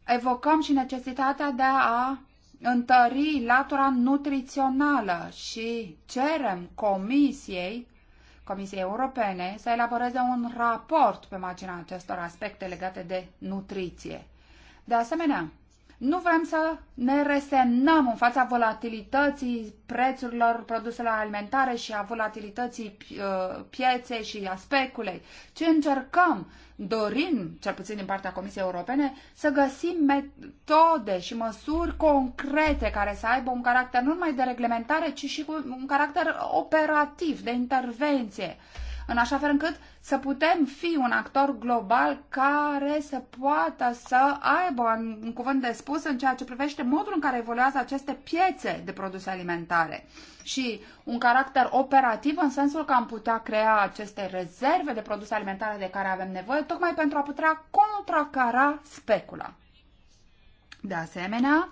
evocăm și necesitatea de a întări latura nutrițională și cerem Comisiei, Comisiei Europene să elaboreze un raport pe marginea acestor aspecte legate de nutriție. De asemenea, nu vrem să ne resemnăm în fața volatilității prețurilor produselor alimentare și a volatilității uh, pieței și a speculei, ci încercăm dorim, cel puțin din partea Comisiei Europene, să găsim metode și măsuri concrete care să aibă un caracter nu numai de reglementare, ci și un caracter operativ, de intervenție în așa fel încât să putem fi un actor global care să poată să aibă un cuvânt de spus în ceea ce privește modul în care evoluează aceste piețe de produse alimentare și un caracter operativ în sensul că am putea crea aceste rezerve de produse alimentare de care avem nevoie tocmai pentru a putea contracara specula. De asemenea,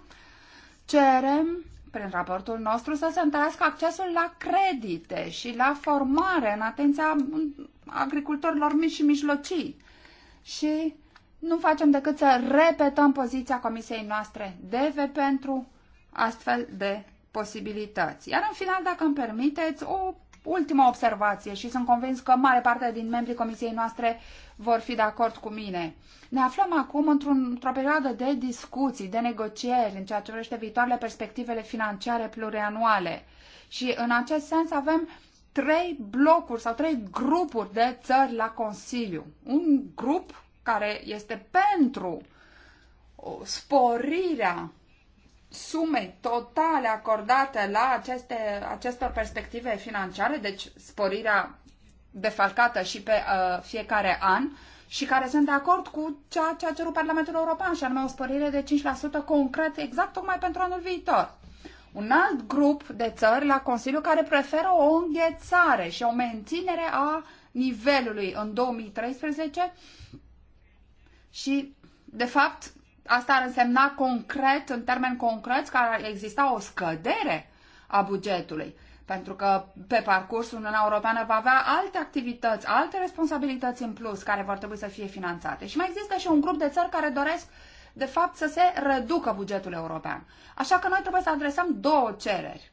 cerem prin raportul nostru, să se întărească accesul la credite și la formare în atenția agricultorilor mici și mijlocii. Și nu facem decât să repetăm poziția comisiei noastre DV pentru astfel de posibilități. Iar în final, dacă îmi permiteți, o ultima observație și sunt convins că mare parte din membrii comisiei noastre vor fi de acord cu mine. Ne aflăm acum într-o într perioadă de discuții, de negocieri în ceea ce vrește viitoarele perspectivele financiare plurianuale. Și în acest sens avem trei blocuri sau trei grupuri de țări la Consiliu. Un grup care este pentru sporirea sume totale acordate la aceste, acestor perspective financiare, deci sporirea defalcată și pe uh, fiecare an, și care sunt de acord cu ceea ce a cerut Parlamentul European, și anume o sporire de 5% concret, exact tocmai pentru anul viitor. Un alt grup de țări la Consiliu care preferă o înghețare și o menținere a nivelului în 2013 și, de fapt, Asta ar însemna concret, în termeni concret, că ar exista o scădere a bugetului. Pentru că pe parcursul Uniunea Europeană va avea alte activități, alte responsabilități în plus care vor trebui să fie finanțate. Și mai există și un grup de țări care doresc, de fapt, să se reducă bugetul european. Așa că noi trebuie să adresăm două cereri.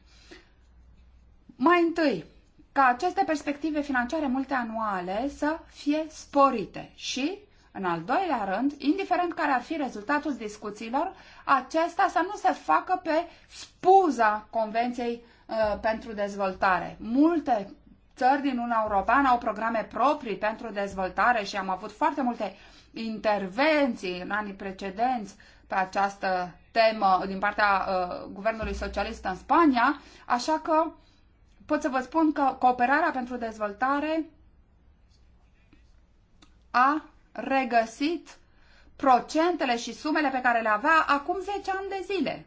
Mai întâi, ca aceste perspective financiare multianuale să fie sporite și în al doilea rând, indiferent care ar fi rezultatul discuțiilor, acesta să nu se facă pe spuza Convenției uh, pentru dezvoltare. Multe țări din Uniunea Europeană au programe proprii pentru dezvoltare și am avut foarte multe intervenții în anii precedenți pe această temă din partea uh, Guvernului Socialist în Spania, așa că pot să vă spun că cooperarea pentru dezvoltare a regăsit procentele și sumele pe care le avea acum 10 ani de zile.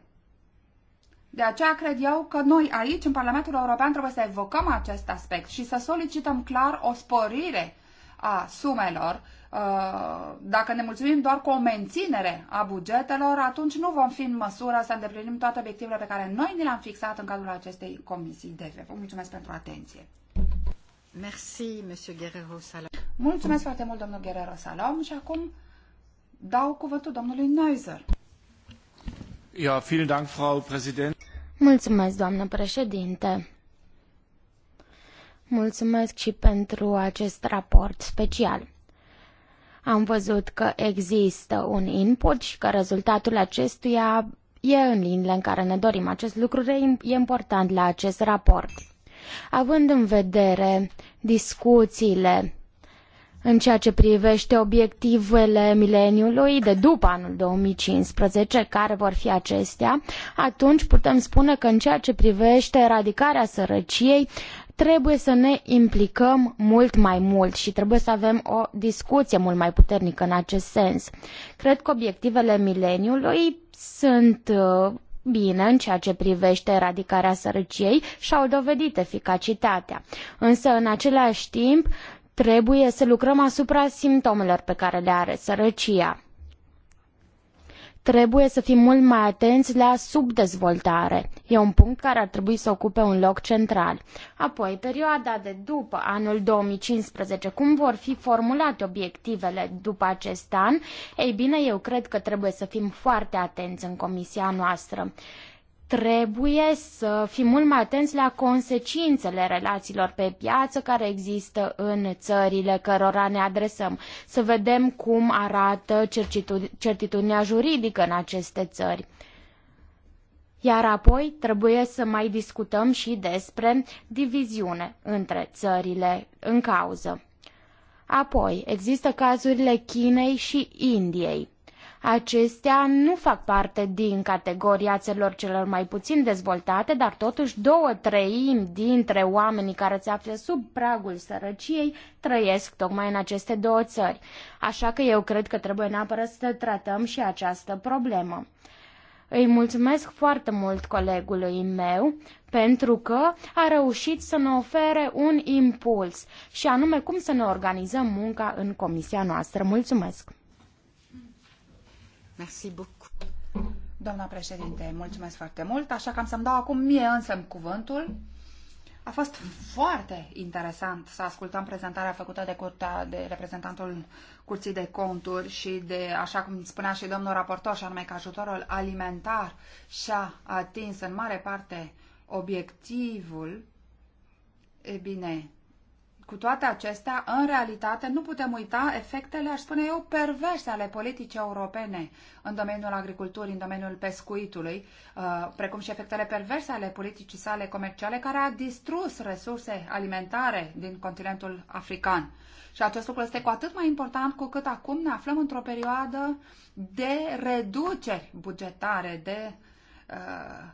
De aceea cred eu că noi aici, în Parlamentul European, trebuie să evocăm acest aspect și să solicităm clar o sporire a sumelor. Uh, dacă ne mulțumim doar cu o menținere a bugetelor, atunci nu vom fi în măsură să îndeplinim toate obiectivele pe care noi ni le-am fixat în cadrul acestei comisii DEVE. Vă mulțumesc pentru atenție. Merci, Monsieur Guerrero Sala. Mulțumesc foarte mult, domnul Guerrero Salom, și acum dau cuvântul domnului Neuser. Ja, vielen Dank, Frau Präsident. Mulțumesc, doamnă președinte. Mulțumesc și pentru acest raport special. Am văzut că există un input și că rezultatul acestuia e în liniile în care ne dorim. Acest lucru e important la acest raport. Având în vedere discuțiile în ceea ce privește obiectivele mileniului de după anul 2015, care vor fi acestea, atunci putem spune că în ceea ce privește eradicarea sărăciei, trebuie să ne implicăm mult mai mult și trebuie să avem o discuție mult mai puternică în acest sens. Cred că obiectivele mileniului sunt uh, bine în ceea ce privește eradicarea sărăciei și au dovedit eficacitatea. Însă, în același timp, Trebuie să lucrăm asupra simptomelor pe care le are sărăcia. Trebuie să fim mult mai atenți la subdezvoltare. E un punct care ar trebui să ocupe un loc central. Apoi, perioada de după anul 2015, cum vor fi formulate obiectivele după acest an? Ei bine, eu cred că trebuie să fim foarte atenți în comisia noastră trebuie să fim mult mai atenți la consecințele relațiilor pe piață care există în țările cărora ne adresăm, să vedem cum arată certitudinea juridică în aceste țări. Iar apoi trebuie să mai discutăm și despre diviziune între țările în cauză. Apoi există cazurile Chinei și Indiei Acestea nu fac parte din categoria țărilor celor mai puțin dezvoltate, dar totuși două treimi dintre oamenii care se află sub pragul sărăciei trăiesc tocmai în aceste două țări. Așa că eu cred că trebuie neapărat să tratăm și această problemă. Îi mulțumesc foarte mult colegului meu pentru că a reușit să ne ofere un impuls și anume cum să ne organizăm munca în comisia noastră. Mulțumesc! Merci beaucoup. Doamna președinte, mulțumesc foarte mult, așa că am să-mi dau acum mie însă cuvântul. A fost foarte interesant să ascultăm prezentarea făcută de, curtea, de reprezentantul Curții de Conturi și de, așa cum spunea și domnul raportor, și anume că ajutorul alimentar și-a atins în mare parte obiectivul. E bine, cu toate acestea, în realitate, nu putem uita efectele, aș spune eu, perverse ale politicii europene în domeniul agriculturii, în domeniul pescuitului, uh, precum și efectele perverse ale politicii sale comerciale, care a distrus resurse alimentare din continentul african. Și acest lucru este cu atât mai important cu cât acum ne aflăm într-o perioadă de reduceri bugetare, de uh,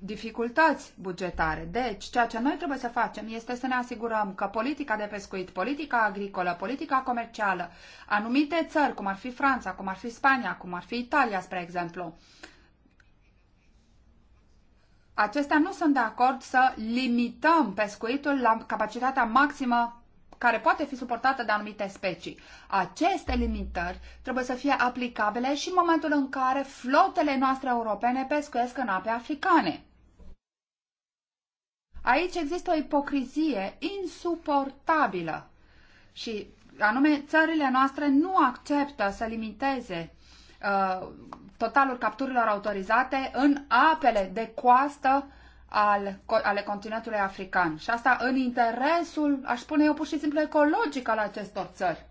dificultăți bugetare. Deci, ceea ce noi trebuie să facem este să ne asigurăm că politica de pescuit, politica agricolă, politica comercială, anumite țări, cum ar fi Franța, cum ar fi Spania, cum ar fi Italia, spre exemplu, acestea nu sunt de acord să limităm pescuitul la capacitatea maximă care poate fi suportată de anumite specii. Aceste limitări trebuie să fie aplicabile și în momentul în care flotele noastre europene pescuiesc în ape africane. Aici există o ipocrizie insuportabilă și anume țările noastre nu acceptă să limiteze uh, totalul capturilor autorizate în apele de coastă al, ale continentului african. Și asta în interesul, aș spune eu, pur și simplu ecologic al acestor țări.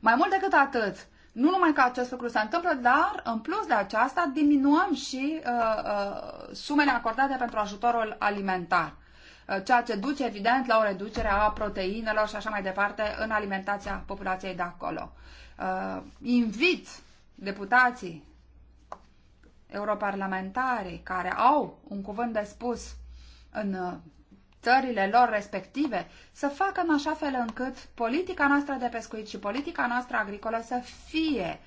Mai mult decât atât, nu numai că acest lucru se întâmplă, dar în plus de aceasta diminuăm și uh, uh, sumele acordate pentru ajutorul alimentar, uh, ceea ce duce evident la o reducere a proteinelor și așa mai departe în alimentația populației de acolo. Uh, invit deputații europarlamentarii care au un cuvânt de spus în uh, țările lor respective, să facă în așa fel încât politica noastră de pescuit și politica noastră agricolă să fie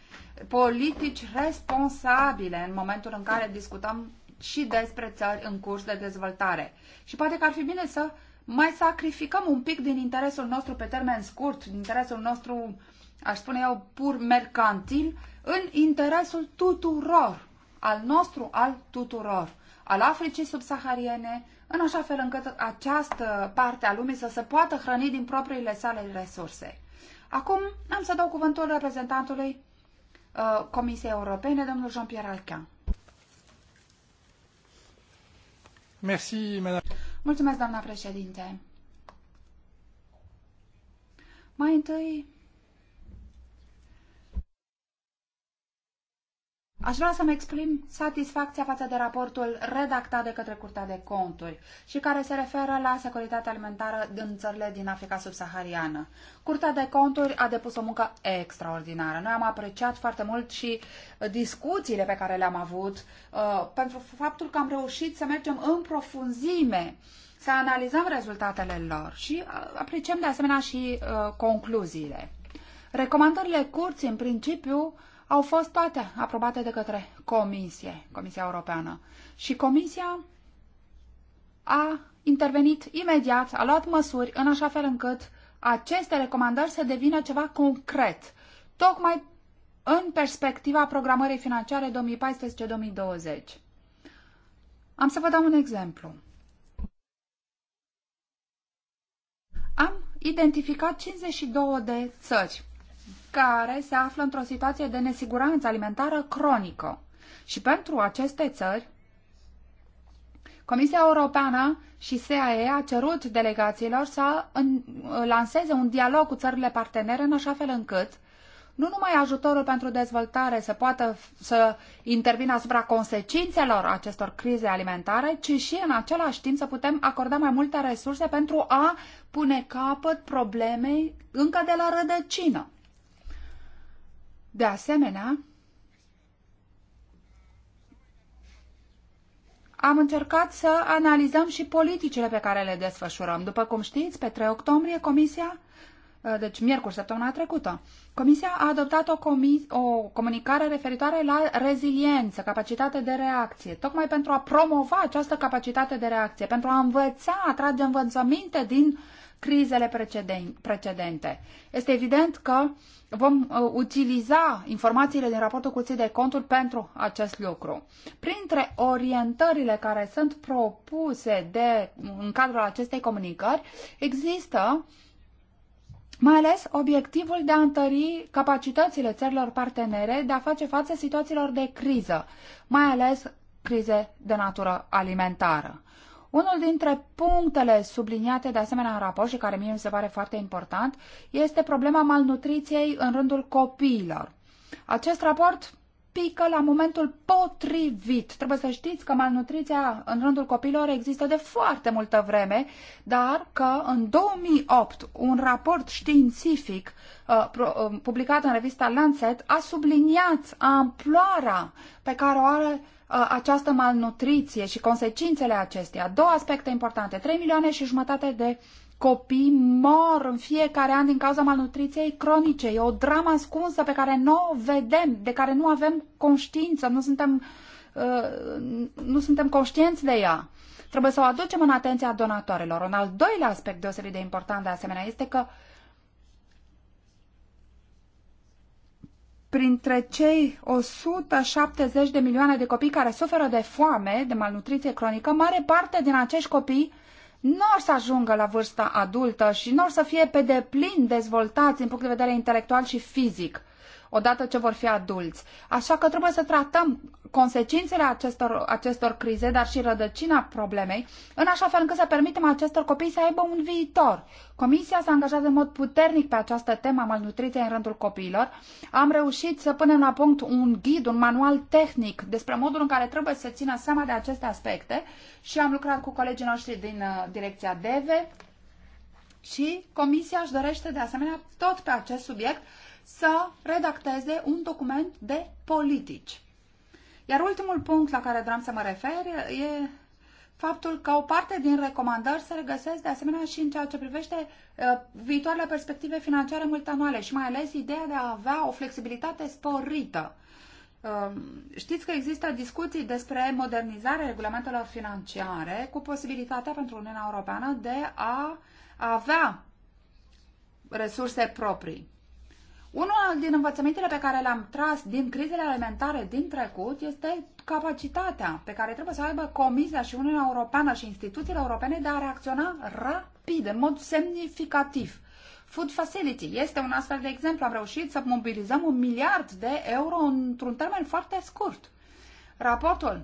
politici responsabile în momentul în care discutăm și despre țări în curs de dezvoltare. Și poate că ar fi bine să mai sacrificăm un pic din interesul nostru pe termen scurt, din interesul nostru, aș spune eu, pur mercantil, în interesul tuturor, al nostru, al tuturor, al Africii subsahariene, în așa fel încât această parte a lumii să se poată hrăni din propriile sale resurse. Acum am să dau cuvântul reprezentantului uh, Comisiei Europene, domnul Jean-Pierre Alcan. Merci, madame. Mulțumesc, doamna președinte. Mai întâi Aș vrea să-mi exprim satisfacția față de raportul redactat de către Curtea de Conturi și care se referă la securitatea alimentară din țările din Africa subsahariană. Curtea de Conturi a depus o muncă extraordinară. Noi am apreciat foarte mult și uh, discuțiile pe care le-am avut uh, pentru faptul că am reușit să mergem în profunzime să analizăm rezultatele lor și uh, apreciem de asemenea și uh, concluziile. Recomandările curții, în principiu, uh, au fost toate aprobate de către Comisie, Comisia Europeană. Și Comisia a intervenit imediat, a luat măsuri în așa fel încât aceste recomandări să devină ceva concret, tocmai în perspectiva programării financiare 2014-2020. Am să vă dau un exemplu. Am identificat 52 de țări care se află într-o situație de nesiguranță alimentară cronică. Și pentru aceste țări, Comisia Europeană și SAE a cerut delegațiilor să lanseze un dialog cu țările partenere în așa fel încât nu numai ajutorul pentru dezvoltare să poată să intervină asupra consecințelor acestor crize alimentare, ci și în același timp să putem acorda mai multe resurse pentru a pune capăt problemei încă de la rădăcină. De asemenea, am încercat să analizăm și politicile pe care le desfășurăm. După cum știți, pe 3 octombrie Comisia, uh, deci miercuri săptămâna trecută, Comisia a adoptat o, comis, o comunicare referitoare la reziliență, capacitate de reacție, tocmai pentru a promova această capacitate de reacție, pentru a învăța, a trage învățăminte din uh, crizele precedente. Este evident că vom uh, utiliza informațiile din raportul Curții de Conturi pentru acest lucru. Printre orientările care sunt propuse de, în cadrul acestei comunicări, există mai ales obiectivul de a întări capacitățile țărilor partenere de a face față situațiilor de criză, mai ales crize de natură alimentară. Unul dintre punctele subliniate de asemenea în raport și care mie mi se pare foarte important este problema malnutriției în rândul copiilor. Acest raport pică la momentul potrivit. Trebuie să știți că malnutriția în rândul copiilor există de foarte multă vreme, dar că în 2008 un raport științific uh, uh, publicat în revista Lancet a subliniat amploarea pe care o are Uh, această malnutriție și consecințele acesteia. Două aspecte importante. 3 milioane și jumătate de copii mor în fiecare an din cauza malnutriției cronice. E o dramă ascunsă pe care nu o vedem, de care nu avem conștiință, nu suntem, uh, nu suntem conștienți de ea. Trebuie să o aducem în atenția donatorilor Un al doilea aspect deosebit de important de asemenea este că uh, printre cei 170 de milioane de copii care suferă de foame, de malnutriție cronică, mare parte din acești copii nu or să ajungă la vârsta adultă și nu or să fie pe deplin dezvoltați din punct de vedere intelectual și fizic odată ce vor fi adulți. Așa că trebuie să tratăm consecințele acestor, acestor crize, dar și rădăcina problemei, în așa fel încât să permitem acestor copii să aibă un viitor. Comisia s-a angajat în mod puternic pe această temă a malnutriției în rândul copiilor. Am reușit să punem la punct un ghid, un manual tehnic despre modul în care trebuie să țină seama de aceste aspecte și am lucrat cu colegii noștri din uh, direcția DEVE și Comisia își dorește de asemenea tot pe acest subiect să redacteze un document de politici. Iar ultimul punct la care vreau să mă refer e faptul că o parte din recomandări se regăsesc de asemenea și în ceea ce privește uh, viitoarele perspective financiare multianuale și mai ales ideea de a avea o flexibilitate sporită. Um, știți că există discuții despre modernizarea regulamentelor financiare cu posibilitatea pentru Uniunea Europeană de a avea resurse proprii din învățămintele pe care le-am tras din crizele alimentare din trecut este capacitatea pe care trebuie să o aibă Comisia și Uniunea Europeană și instituțiile europene de a reacționa rapid, în mod semnificativ. Food Facility este un astfel de exemplu. Am reușit să mobilizăm un miliard de euro într-un termen foarte scurt. Raportul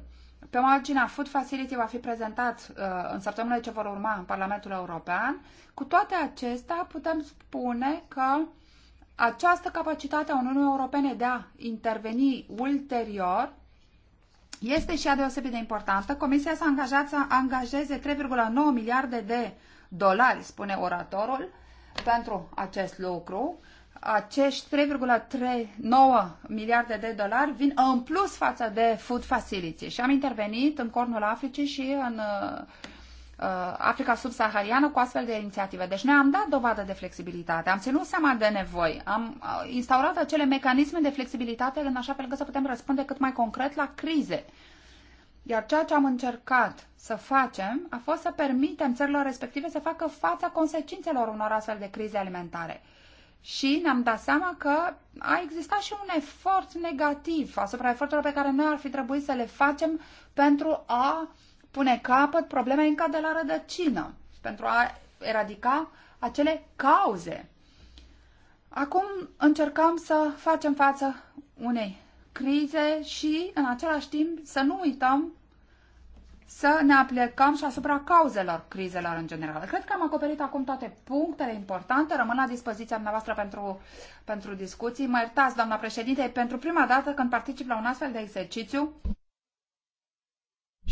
pe marginea Food Facility va fi prezentat uh, în săptămâna ce vor urma în Parlamentul European. Cu toate acestea, putem spune că uh, această capacitate a Uniunii Europene de a interveni ulterior este și ea deosebit de importantă. Comisia s-a angajat să angajeze 3,9 miliarde de dolari, spune oratorul, pentru acest lucru. Acești 3,39 miliarde de dolari vin în plus față de Food Facility și am intervenit în Cornul Africii și în uh, Uh, Africa subsahariană cu astfel de inițiative. Deci noi am dat dovadă de flexibilitate, am ținut seama de nevoi, am uh, instaurat acele mecanisme de flexibilitate în așa fel încât să putem răspunde cât mai concret la crize. Iar ceea ce am încercat să facem a fost să permitem țărilor respective să facă fața consecințelor unor astfel de crize alimentare. Și ne-am dat seama că a existat și un efort negativ asupra eforturilor pe care noi ar fi trebuit să le facem pentru a uh, pune capăt problemei încă de la rădăcină, pentru a eradica acele cauze. Acum încercăm să facem față unei crize și, în același timp, să nu uităm să ne aplicăm și asupra cauzelor crizelor în general. Cred că am acoperit acum toate punctele importante. Rămân la dispoziția dumneavoastră pentru, pentru discuții. Mă iertați, doamna președinte, pentru prima dată când particip la un astfel de exercițiu,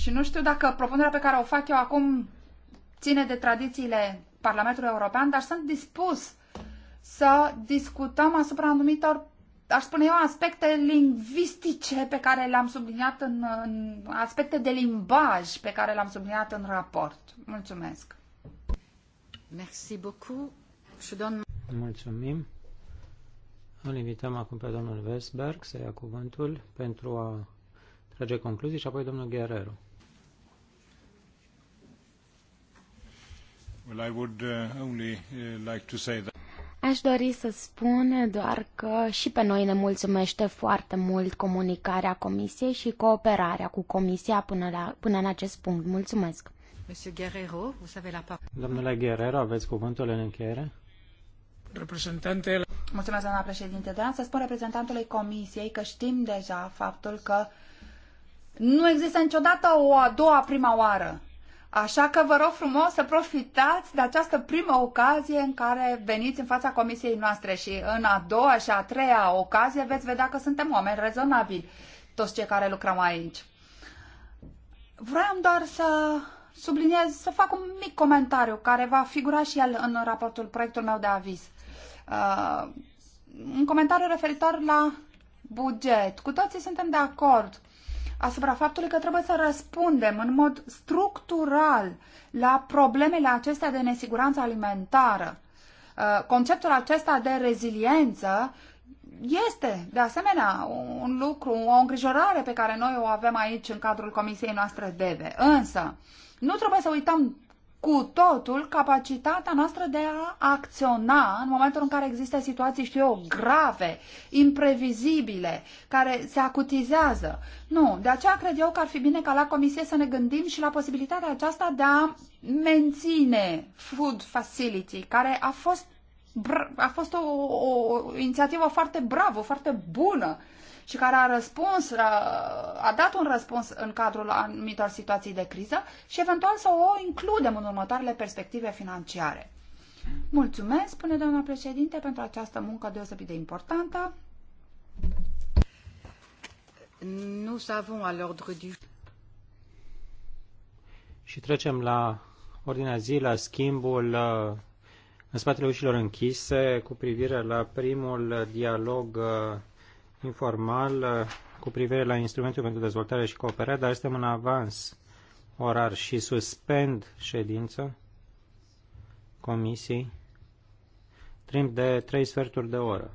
și nu știu dacă propunerea pe care o fac eu acum ține de tradițiile Parlamentului European, dar sunt dispus să discutăm asupra anumitor, aș spune eu, aspecte lingvistice pe care le-am subliniat în, în aspecte de limbaj pe care le-am subliniat în raport. Mulțumesc. Merci beaucoup. Mulțumim. Îl invităm acum pe domnul Vesberg să ia cuvântul pentru a trage concluzii și apoi domnul Guerrero. Aș dori să spun doar că și pe noi ne mulțumește foarte mult comunicarea Comisiei și cooperarea cu Comisia până, la, până în acest punct. Mulțumesc! Domnule Guerrero, aveți cuvântul în încheiere? Mulțumesc, doamna președinte. Doream să spun reprezentantului Comisiei că știm deja faptul că nu există niciodată o a doua prima oară. Așa că vă rog frumos să profitați de această primă ocazie în care veniți în fața comisiei noastre și în a doua și a treia ocazie veți vedea că suntem oameni rezonabili, toți cei care lucrăm aici. Vreau doar să subliniez, să fac un mic comentariu care va figura și el în raportul, proiectul meu de aviz. Uh, un comentariu referitor la buget. Cu toții suntem de acord asupra faptului că trebuie să răspundem în mod structural la problemele acestea de nesiguranță alimentară. Uh, conceptul acesta de reziliență este, de asemenea, un lucru, o îngrijorare pe care noi o avem aici în cadrul Comisiei noastre DEVE. Însă, nu trebuie să uităm cu totul capacitatea noastră de a acționa în momentul în care există situații, știu eu, grave, imprevizibile, care se acutizează. Nu, de aceea cred eu că ar fi bine ca la comisie să ne gândim și la posibilitatea aceasta de a menține Food Facility, care a fost a fost o, o, o inițiativă foarte bravă, foarte bună și care a răspuns, a dat un răspuns în cadrul anumitor situații de criză și eventual să o includem în următoarele perspective financiare. Mulțumesc, spune doamna președinte, pentru această muncă deosebit de importantă. Nous avons à l'ordre du... Și trecem la ordinea zi, la schimbul uh, în spatele ușilor închise cu privire la primul dialog uh, informal uh, cu privire la instrumentul pentru dezvoltare și cooperare, dar suntem în avans orar și suspend ședința comisiei timp de trei sferturi de oră.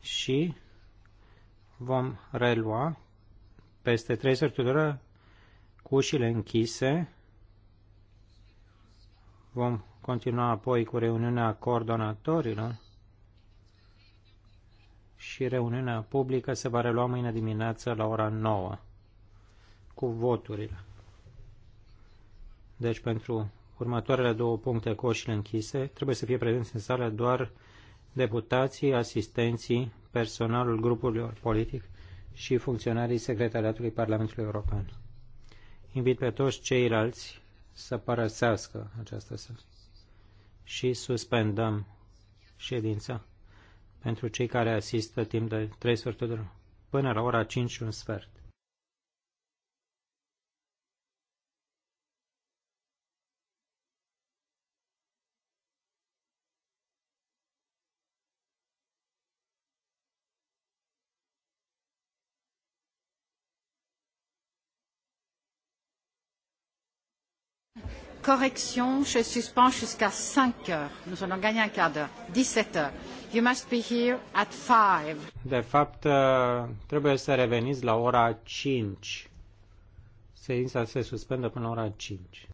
Și vom relua peste trei sferturi de oră cu ușile închise. Vom continua apoi cu reuniunea coordonatorilor și reuniunea publică se va relua mâine dimineață la ora 9 cu voturile. Deci pentru următoarele două puncte coșile închise trebuie să fie prezenți în sală doar deputații, asistenții, personalul grupurilor politic și funcționarii Secretariatului Parlamentului European. Invit pe toți ceilalți să părăsească această sală și suspendăm ședința pentru cei care asistă timp de 3 sferturi de până la ora 5 și un sfert. correction, je suspends jusqu'à 5 heures. Nous allons gagner un quart d'heure, 17 heures. You must be here at five. De fapt, uh, trebuie să reveniți la ora 5. Sedința se suspendă până la ora 5.